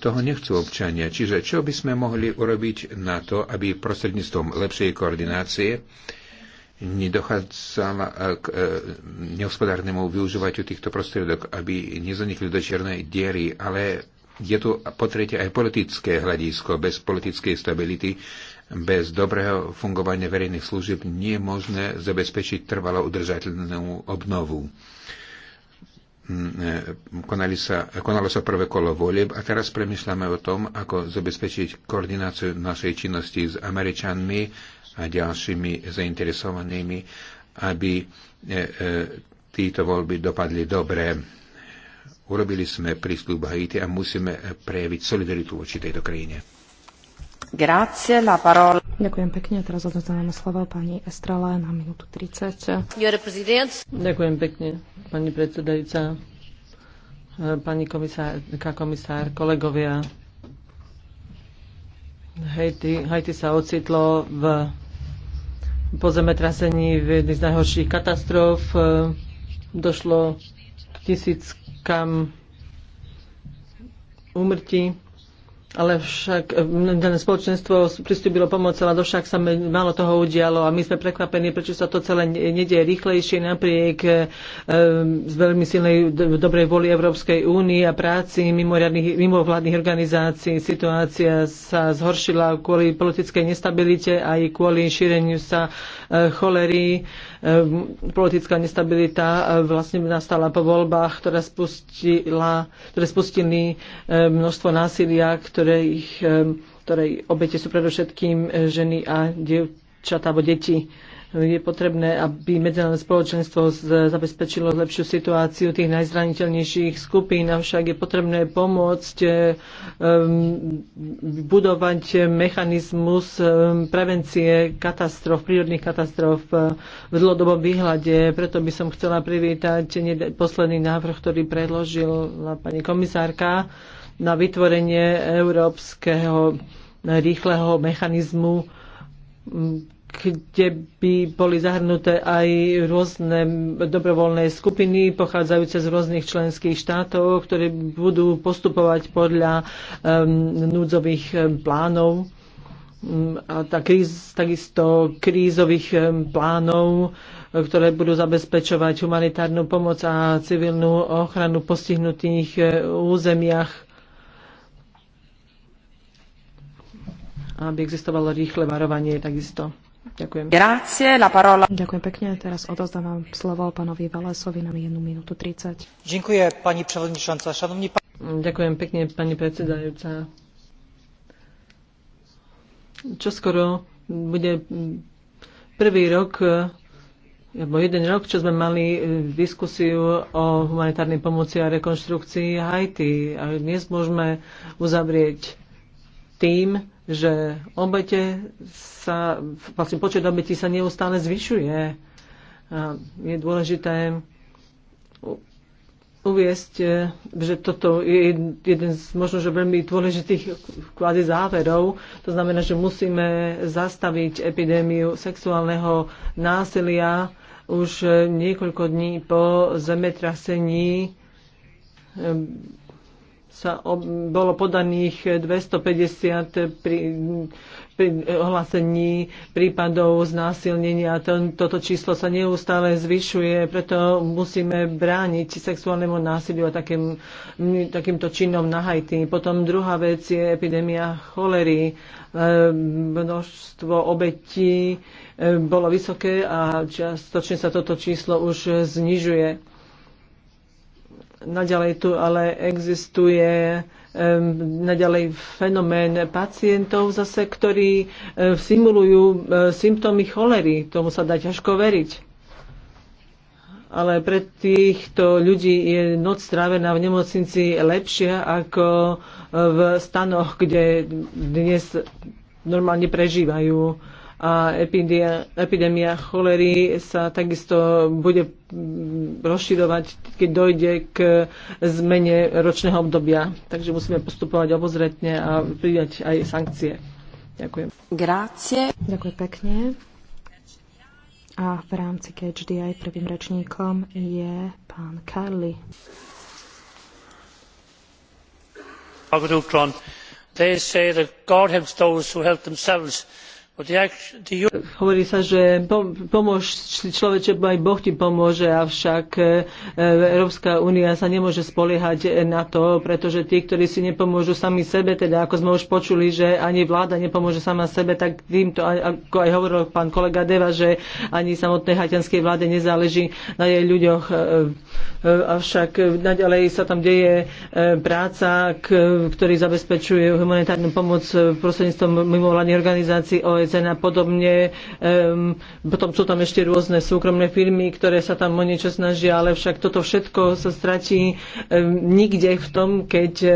Toho nechcú občania. Čiže čo by sme mohli urobiť na to, aby prostredníctvom lepšej koordinácie nedochádzala e, k e, nehospodárnemu využívaniu týchto prostriedok, aby nezanikli do čiernej diery, ale je tu po tretie aj politické hľadisko. Bez politickej stability, bez dobrého fungovania verejných služieb nie je možné zabezpečiť trvalo udržateľnú obnovu. Mm, e, konali sa, konalo sa prvé kolo volieb a teraz premyšľame o tom, ako zabezpečiť koordináciu našej činnosti s Američanmi a ďalšími zainteresovanými, aby e, e, títo voľby dopadli dobre. Urobili sme prísľub Haiti a musíme prejaviť solidaritu voči tejto krajine. Grazie, la parola. Ďakujem pekne. Teraz odozdáme slovo pani Estrela na minútu 30. Ďakujem pekne, pani predsedajúca, pani komisárka, komisár, kolegovia. Haiti, Haiti sa ocitlo v po zemetrasení v jednej z najhorších katastrof. E, došlo k tisíckam úmrtí ale však ten spoločenstvo pristúbilo pomoc, ale však sa malo toho udialo a my sme prekvapení, prečo sa to celé nedie rýchlejšie napriek e, e, z veľmi silnej dobrej voli Európskej únie a práci mimovládnych organizácií. Situácia sa zhoršila kvôli politickej nestabilite aj kvôli šíreniu sa e, cholery. Politická nestabilita vlastne nastala po voľbách, ktoré, spustila, ktoré spustili množstvo násilia, ktoré ktorých, ktorej obete sú predovšetkým e, ženy a dievčatá alebo deti je potrebné, aby medzinárodné spoločenstvo zabezpečilo lepšiu situáciu tých najzraniteľnejších skupín, avšak je potrebné pomôcť um, budovať mechanizmus um, prevencie katastrof, prírodných katastrof uh, v dlhodobom výhľade. Preto by som chcela privítať posledný návrh, ktorý predložila pani komisárka na vytvorenie európskeho rýchleho mechanizmu, kde by boli zahrnuté aj rôzne dobrovoľné skupiny pochádzajúce z rôznych členských štátov, ktoré budú postupovať podľa núdzových plánov mm, a tá kríz, takisto krízových plánov, ktoré budú zabezpečovať humanitárnu pomoc a civilnú ochranu postihnutých e, územiach aby existovalo rýchle varovanie takisto. Ďakujem. Grazie, la parola. Ďakujem pekne. Teraz odozdávam slovo pánovi Valesovi na 1 minútu 30. Ďakujem, pani przewodnicząca. Šanovní pa... Ďakujem pekne, pani predsedajúca. Čo skoro bude prvý rok alebo jeden rok, čo sme mali e, diskusiu o humanitárnej pomoci a rekonštrukcii Haiti. A dnes môžeme uzavrieť tým, že obete sa, vlastne počet obetí sa neustále zvyšuje. A je dôležité uviesť, e, že toto je jeden z možno, že veľmi dôležitých kvázi záverov. To znamená, že musíme zastaviť epidémiu sexuálneho násilia už e, niekoľko dní po zemetrasení e, sa ob, bolo podaných 250 pri, pri ohlásení prípadov znásilnenia. toto číslo sa neustále zvyšuje, preto musíme brániť sexuálnemu násiliu a takým, takýmto činom na Haiti. Potom druhá vec je epidémia cholery. E, množstvo obetí e, bolo vysoké a čiastočne sa toto číslo už znižuje naďalej tu ale existuje naďalej fenomén pacientov zase, ktorí simulujú symptómy cholery. Tomu sa dá ťažko veriť ale pre týchto ľudí je noc strávená v nemocnici lepšia ako v stanoch, kde dnes normálne prežívajú a epidia, epidémia cholery sa takisto bude mm, rozširovať, keď dojde k zmene ročného obdobia. Takže musíme postupovať obozretne a prijať aj sankcie. Ďakujem. Grácie. Ďakujem pekne. A v rámci KHDI prvým rečníkom je pán Karli. They say that God helps those who help themselves Hovorí sa, že pomôž človeče, aj Boh ti pomôže, avšak e, e, Európska únia sa nemôže spoliehať na to, pretože tí, ktorí si nepomôžu sami sebe, teda ako sme už počuli, že ani vláda nepomôže sama sebe, tak týmto, ako aj hovoril pán kolega Deva, že ani samotnej haťanskej vláde nezáleží na jej ľuďoch. E, avšak naďalej sa tam deje práca, ktorý zabezpečuje humanitárnu pomoc prostredníctvom mimovládnych organizácií OSN OSN a podobne. Um, potom sú tam ešte rôzne súkromné firmy, ktoré sa tam o niečo snažia, ale však toto všetko sa stratí um, nikde v tom, keď uh,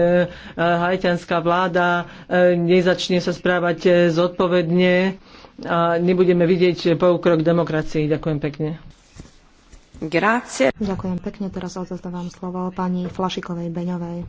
haitianská vláda uh, nezačne sa správať uh, zodpovedne a nebudeme vidieť poukrok demokracii. Ďakujem pekne. Grácie. Ďakujem pekne. Teraz odozdávam slovo pani Flašikovej Beňovej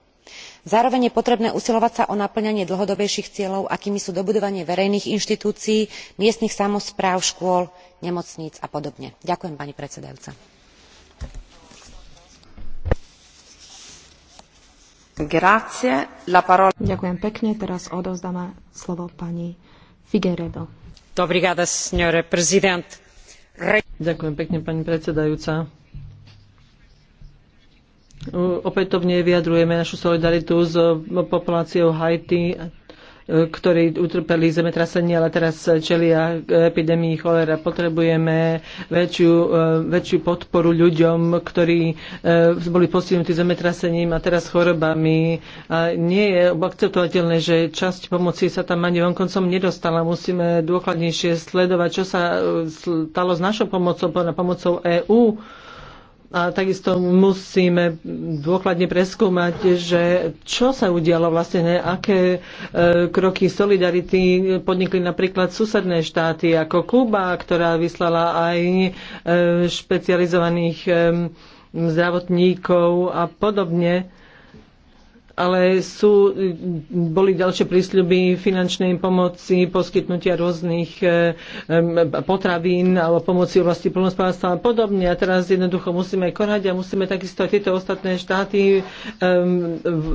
zároveň je potrebné usilovať sa o napĺňanie dlhodobejších cieľov akými sú dobudovanie verejných inštitúcií miestnych samospráv škôl nemocníc a podobne. ďakujem pani predsedajúca. Ďakujem pekne. Teraz slovo pani Figueredo. pekne, pani predsedajúca Opätovne vyjadrujeme našu solidaritu s populáciou Haiti, ktorí utrpeli zemetrasenie, ale teraz čelia epidémii cholera. Potrebujeme väčšiu, e, väčšiu podporu ľuďom, ktorí e, boli postihnutí zemetrasením a teraz chorobami. A nie je akceptovateľné, že časť pomoci sa tam ani vonkoncom nedostala. Musíme dôkladnejšie sledovať, čo sa e, stalo s našou pomocou, pomocou EÚ a takisto musíme dôkladne preskúmať, že čo sa udialo vlastne, aké e, kroky solidarity podnikli napríklad susedné štáty ako Kuba, ktorá vyslala aj e, špecializovaných e, zdravotníkov a podobne ale sú, boli ďalšie prísľuby finančnej pomoci, poskytnutia rôznych e, potravín alebo pomoci v oblasti plnospodárstva a podobne. A teraz jednoducho musíme konať a musíme takisto aj tieto ostatné štáty um, v,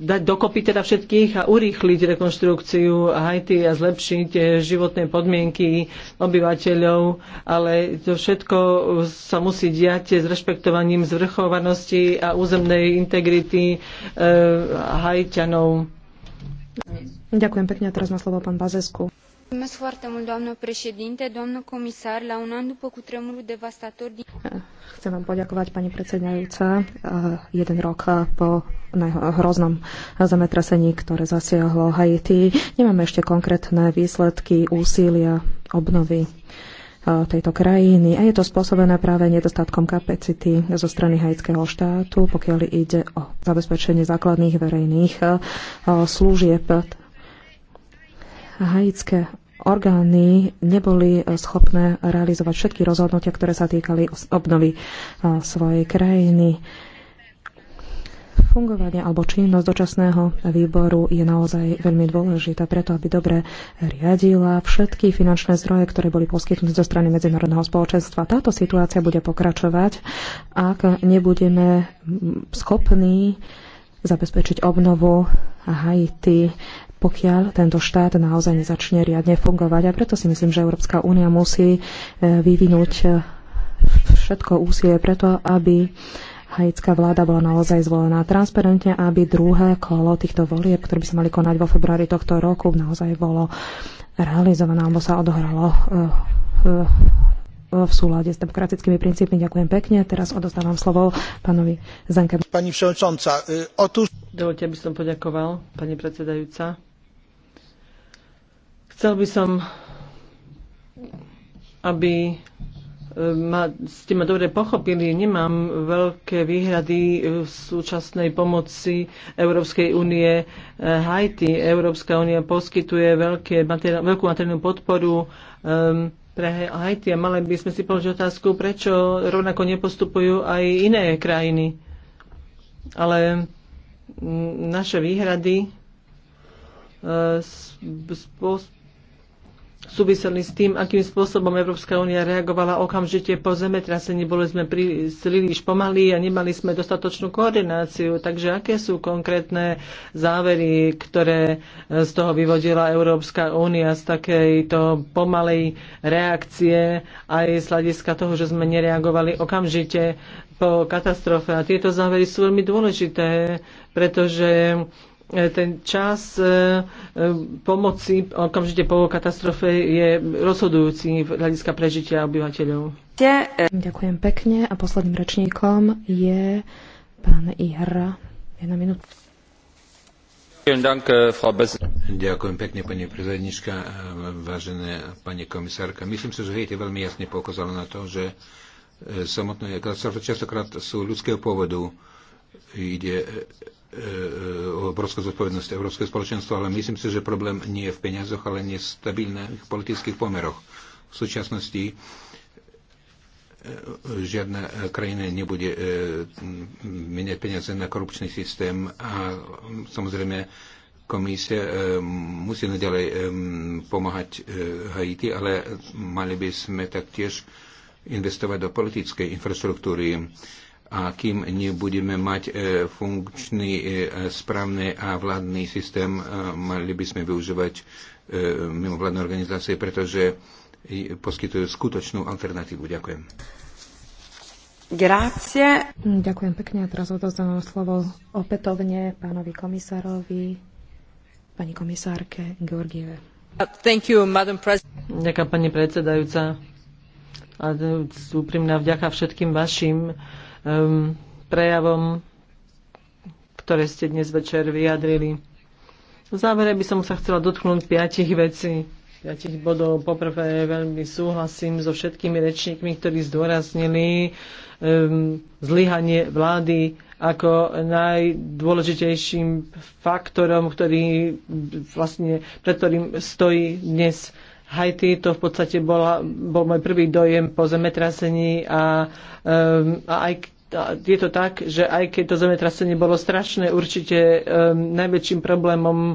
dať dokopy teda všetkých a urýchliť rekonštrukciu Haiti a zlepšiť eh, životné podmienky obyvateľov, ale to všetko sa musí diať s rešpektovaním zvrchovanosti a územnej integrity e, Haitianov. Ďakujem pekne, a teraz má slovo pán Bazesku la un an după cutremurul devastator din... Chcem vám poďakovať, pani predsedajúca. Eh, jeden rok eh, po hroznom zemetrasení, ktoré zasiahlo Haiti, nemáme ešte konkrétne výsledky úsilia obnovy eh, tejto krajiny a je to spôsobené práve nedostatkom kapacity zo strany haitského štátu, pokiaľ ide o zabezpečenie základných verejných služieb. Haitské orgány neboli eh, schopné realizovať všetky rozhodnutia, ktoré sa týkali obnovy eh, svojej krajiny. Fungovanie alebo činnosť dočasného výboru je naozaj veľmi dôležitá preto, aby dobre riadila všetky finančné zdroje, ktoré boli poskytnuté zo strany medzinárodného spoločenstva. Táto situácia bude pokračovať, ak nebudeme schopní zabezpečiť obnovu Haiti pokiaľ tento štát naozaj nezačne riadne fungovať. A preto si myslím, že Európska únia musí e, vyvinúť e, všetko úsilie preto, aby haitská vláda bola naozaj zvolená transparentne, aby druhé kolo týchto volieb, ktoré by sa mali konať vo februári tohto roku, naozaj bolo realizované alebo sa odohralo e, v súlade s demokratickými princípmi. Ďakujem pekne. Teraz odostávam slovo pánovi Zanke. Pani Všelčonca, otuž... Dovolte, aby som poďakoval, pani predsedajúca. Chcel by som, aby e, ma, ste ma dobre pochopili, nemám veľké výhrady v súčasnej pomoci Európskej únie e, Haiti. Európska únia poskytuje veľké materiál, veľkú materiálnu podporu um, pre Haiti a mali by sme si položiť otázku, prečo rovnako nepostupujú aj iné krajiny. Ale naše výhrady uh, súviseli s tým, akým spôsobom Európska únia reagovala okamžite po zemetrasení. Boli sme príliš pomalí a nemali sme dostatočnú koordináciu. Takže aké sú konkrétne závery, ktoré eh, z toho vyvodila Európska únia z takejto pomalej reakcie aj z hľadiska toho, že sme nereagovali okamžite po katastrofe. A tieto závery sú veľmi dôležité, pretože E, ten čas e, e, pomoci okamžite po katastrofe je rozhodujúci v hľadiska prežitia obyvateľov. Ďakujem pekne a posledným rečníkom je pán Ihra. Jedna minúta. Ďakujem pekne, pani prezidnička, vážené pani komisárka. Myslím si, že viete, veľmi jasne poukázalo na to, že samotné katastrofy častokrát sú ľudského pôvodu. Ide E, e, obrovskú zodpovednosť Európskeho spoločenstva, ale myslím si, že problém nie je v peniazoch, ale nie v stabilných politických pomeroch. V súčasnosti e, žiadna krajina nebude meniať peniaze na korupčný systém a samozrejme komisia musí naďalej pomáhať Haiti, ale mali by sme taktiež investovať do politickej infraštruktúry a kým nebudeme mať e, funkčný, e, správny a vládny systém, e, mali by sme využívať mimovládne organizácie, pretože poskytujú skutočnú alternatívu. Ďakujem. Grácie. Ďakujem pekne a teraz odozdávam slovo opätovne pánovi komisárovi, pani komisárke Georgieve. Thank You, madam Ďakujem, pani predsedajúca. A úprimná vďaka všetkým vašim um, prejavom, ktoré ste dnes večer vyjadrili. V závere by som sa chcela dotknúť piatich vecí. Piatich bodov. Poprvé veľmi súhlasím so všetkými rečníkmi, ktorí zdôraznili um, zlyhanie vlády ako najdôležitejším faktorom, ktorý vlastne, pred ktorým stojí dnes Haiti to v podstate bola, bol môj prvý dojem po zemetrasení a, um, a aj je to tak, že aj keď to zemetrasenie bolo strašné, určite um, najväčším problémom um,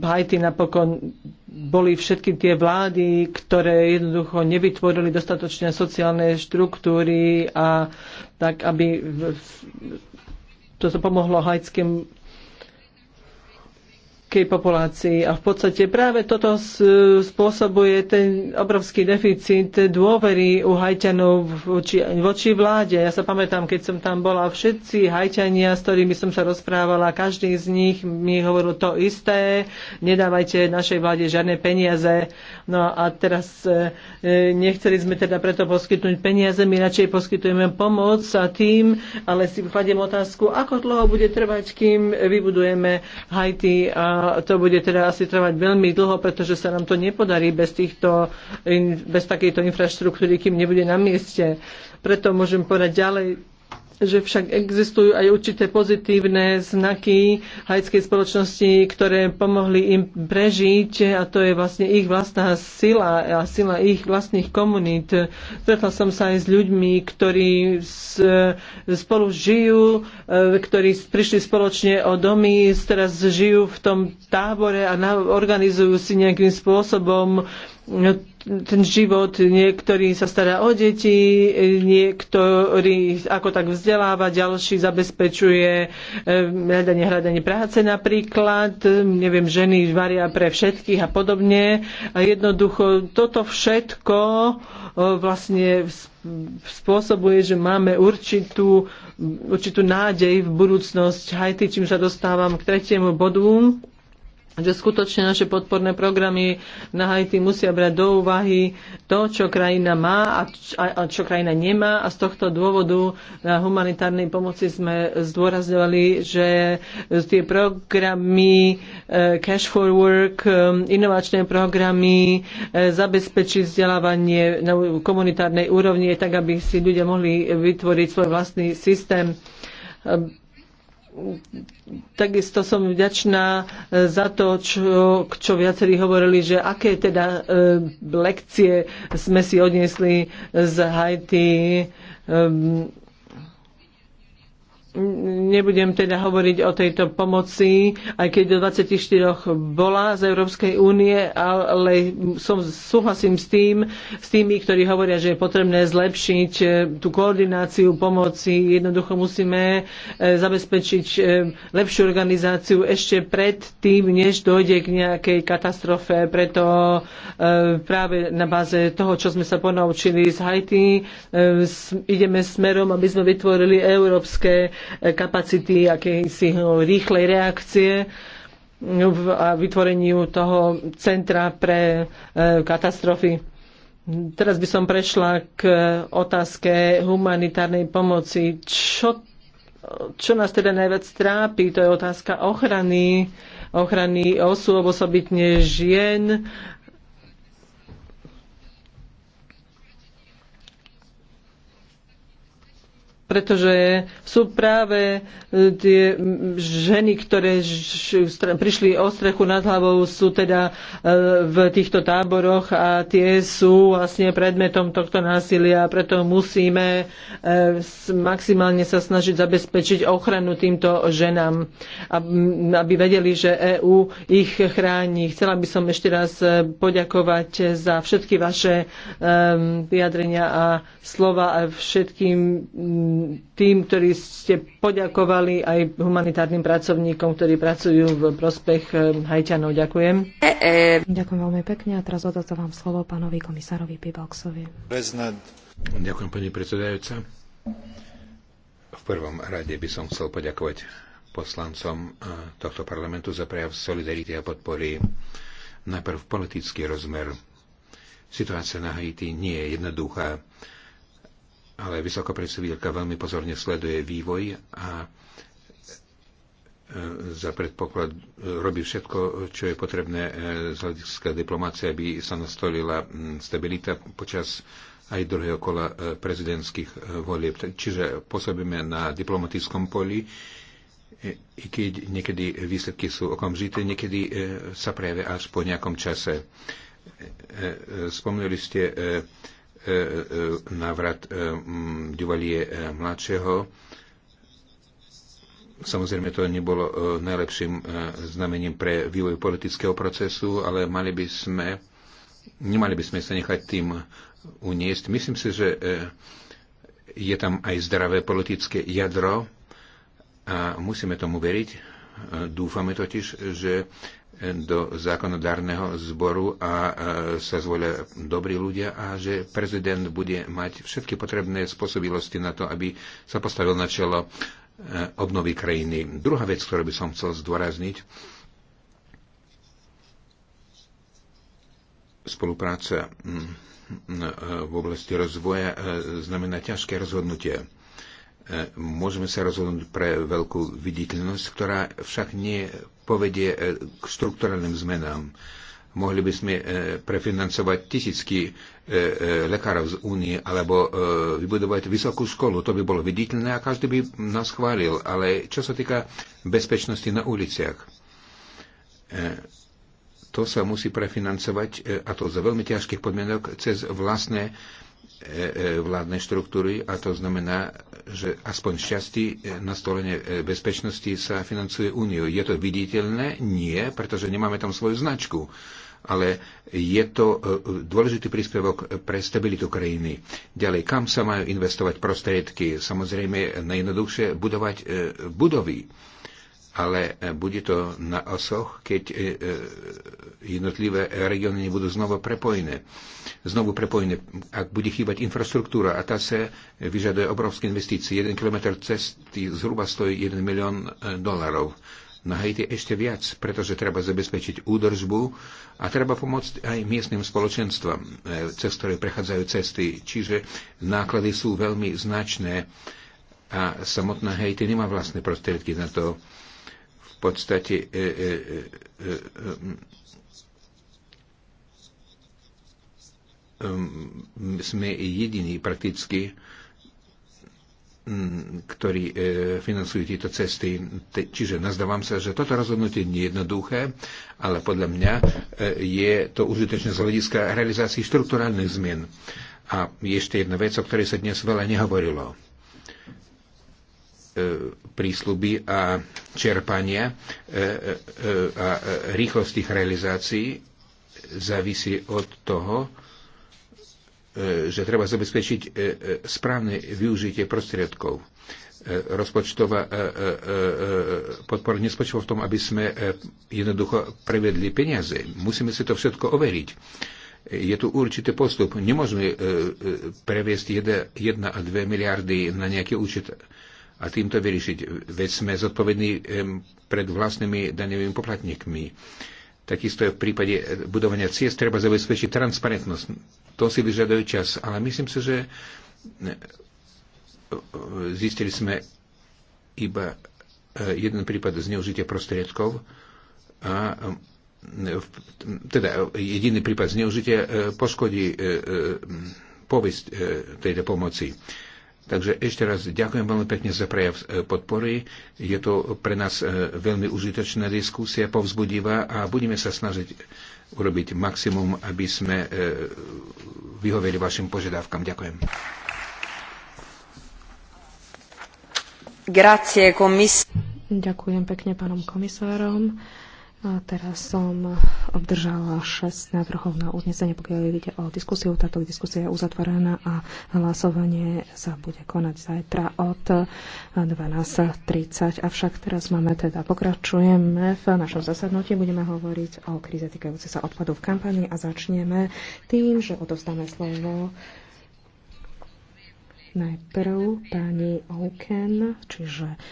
Haiti napokon boli všetky tie vlády, ktoré jednoducho nevytvorili dostatočne sociálne štruktúry a tak, aby v, toto pomohlo haitským európskej populácii. A v podstate práve toto spôsobuje ten obrovský deficit dôvery u Hajťanov voči, voči vláde. Ja sa pamätám, keď som tam bola, všetci Hajťania, s ktorými som sa rozprávala, každý z nich mi hovoril to isté, nedávajte našej vláde žiadne peniaze. No a teraz e, e, nechceli sme teda preto poskytnúť peniaze, my radšej poskytujeme pomoc a tým, ale si kladiem otázku, ako dlho bude trvať, kým vybudujeme Haiti a to bude teda asi trvať veľmi dlho, pretože sa nám to nepodarí bez, týchto, bez takejto infraštruktúry, kým nebude na mieste. Preto môžem povedať ďalej, že však existujú aj určité pozitívne znaky haitskej spoločnosti, ktoré pomohli im prežiť a to je vlastne ich vlastná sila a sila ich vlastných komunít. Stretla som sa aj s ľuďmi, ktorí spolu žijú, e, ktorí prišli spoločne o domy, teraz žijú v tom tábore a organizujú si nejakým spôsobom ten život, niektorí sa stará o deti, niektorý ako tak vzdeláva, ďalší zabezpečuje eh, hľadanie, hľadanie práce napríklad, neviem, ženy varia pre všetkých a podobne. A jednoducho toto všetko eh, vlastne spôsobuje, že máme určitú, určitú nádej v budúcnosť Haiti, čím sa dostávam k tretiemu bodu že skutočne naše podporné programy na Haiti musia brať do úvahy to, čo krajina má a, a, čo krajina nemá. A z tohto dôvodu na humanitárnej pomoci sme zdôrazňovali, že tie programy e, Cash for Work, e, inovačné programy, e, zabezpečí vzdelávanie na komunitárnej úrovni, tak aby si ľudia mohli vytvoriť svoj vlastný systém takisto som vďačná e, za to, čo, čo viacerí hovorili, že aké teda e, lekcie sme si odniesli z Haiti. Nebudem teda hovoriť o tejto pomoci, aj keď do 24 bola z Európskej únie, ale som, súhlasím s tým, s tými, ktorí hovoria, že je potrebné zlepšiť e, tú koordináciu pomoci. Jednoducho musíme e, zabezpečiť e, lepšiu organizáciu ešte pred tým, než dojde k nejakej katastrofe. Preto práve na báze toho, čo sme sa ponaučili z Haiti, ideme smerom, aby sme vytvorili európske kapacity akejsi rýchlej reakcie a vytvoreniu toho centra pre e, katastrofy. Teraz by som prešla k otázke humanitárnej pomoci. Čo, čo nás teda najviac trápi? To je otázka ochrany, ochrany osôb, osobitne žien pretože sú práve e, tie ženy, ktoré prišli o strechu nad hlavou, sú teda e, v týchto táboroch a tie sú vlastne predmetom tohto násilia, preto musíme e, maximálne sa snažiť zabezpečiť ochranu týmto ženám, aby vedeli, že EÚ ich chráni. Chcela by som ešte raz poďakovať za všetky vaše vyjadrenia a slova a všetkým tým, ktorí ste poďakovali aj humanitárnym pracovníkom, ktorí pracujú v prospech eh, Hajťanov. Ďakujem. E, e. Ďakujem veľmi pekne a teraz odozdávam slovo pánovi komisárovi Pibalksovi. Prezident. Ďakujem pani predsedajúca. V prvom rade by som chcel poďakovať poslancom eh, tohto parlamentu za prejav solidarity a podpory. Najprv politický rozmer. Situácia na Haiti nie je jednoduchá ale vysoká predstaviteľka veľmi pozorne sleduje vývoj a e, za predpoklad e, robí všetko, čo je potrebné e, z hľadiska diplomácie, aby sa nastolila stabilita počas aj druhého kola prezidentských volieb. Čiže pôsobíme na diplomatickom poli, i keď niekedy výsledky sú okamžité, niekedy sa prejavia až po nejakom čase. Spomínali ste E, e, návrat e, Duvalie mladšieho. Samozrejme, to nebolo najlepším znamením pre vývoj politického procesu, ale mali by sme, nemali by sme sa nechať tým uniesť. Myslím si, že je tam aj zdravé politické jadro a musíme tomu veriť. Dúfame totiž, že do zákonodárneho zboru a sa zvolia dobrí ľudia a že prezident bude mať všetky potrebné spôsobilosti na to, aby sa postavil na čelo e, obnovy krajiny. Druhá vec, ktorú by som chcel zdôrazniť, spolupráca mm, e, v oblasti rozvoja e, znamená ťažké rozhodnutie. E, môžeme sa rozhodnúť pre veľkú viditeľnosť, ktorá však nie povedie e, k štruktúrálnym zmenám. Mohli by sme e, prefinancovať tisícky lekárov z únie alebo vybudovať vysokú školu. To by bolo viditeľné a každý by nás chválil. Ale čo sa týka bezpečnosti na uliciach, to sa musí prefinancovať, a to za veľmi ťažkých podmienok, cez vlastné E, e, vládnej štruktúry a to znamená, že aspoň v časti e, nastolenie bezpečnosti sa financuje Úniou. Je to viditeľné? Nie, pretože nemáme tam svoju značku. Ale je to dôležitý príspevok pre stabilitu krajiny. Ďalej, kam sa majú investovať prostriedky? Samozrejme, najjednoduchšie budovať budovy ale e, bude to na osoch, keď e, e, jednotlivé regióny nebudú znovu prepojené. Znovu prepojené, ak bude chýbať infraštruktúra a tá sa vyžaduje obrovské investície. Jeden kilometr cesty zhruba stojí 1 milión dolarov. Na Haiti ešte viac, pretože treba zabezpečiť údržbu a treba pomôcť aj miestnym spoločenstvom, cez ktoré prechádzajú cesty. Čiže náklady sú veľmi značné a samotná Haiti nemá vlastné prostriedky na to, podstate e, e, e, e, sme jediní prakticky, ktorí e, financujú tieto cesty. Te, čiže nazdávam sa, že toto rozhodnutie nie je jednoduché, ale podľa mňa e, je to užitočné z hľadiska realizácií štruktúrálnych zmien. A ešte jedna vec, o ktorej sa dnes veľa nehovorilo. E, prísľuby a čerpania e, e, a rýchlosť tých realizácií závisí od toho, že treba zabezpečiť správne využitie prostriedkov. Rozpočtová podpora nespočíva v tom, aby sme jednoducho prevedli peniaze. Musíme si to všetko overiť. Je tu určitý postup. Nemôžeme previesť 1 a 2 miliardy na nejaký účet a týmto vyriešiť. Veď sme zodpovední pred vlastnými daňovými poplatníkmi. Takisto v prípade eh, budovania ciest treba zabezpečiť transparentnosť. To si vyžaduje čas, ale myslím si, že eh, zistili sme iba eh, jeden prípad zneužitia prostriedkov a teda jediný prípad zneužitia poškodí povesť tejto pomoci. Takže ešte raz ďakujem veľmi pekne za prejav e, podpory. Je to pre nás e, veľmi užitočná diskusia, povzbudivá a budeme sa snažiť urobiť maximum, aby sme e, vyhoveli vašim požiadavkám. Ďakujem. Grazie, komis- Ďakujem pekne pánom komisárom. A teraz som obdržala 6 návrhov na uznesenie, pokiaľ ide o diskusiu. Táto diskusia je uzatvorená a hlasovanie sa bude konať zajtra od 12.30. Avšak teraz máme teda, pokračujeme v našom zasadnutí, budeme hovoriť o kríze týkajúce sa odpadu v kampani a začneme tým, že odovzdáme slovo najprv pani Oken, čiže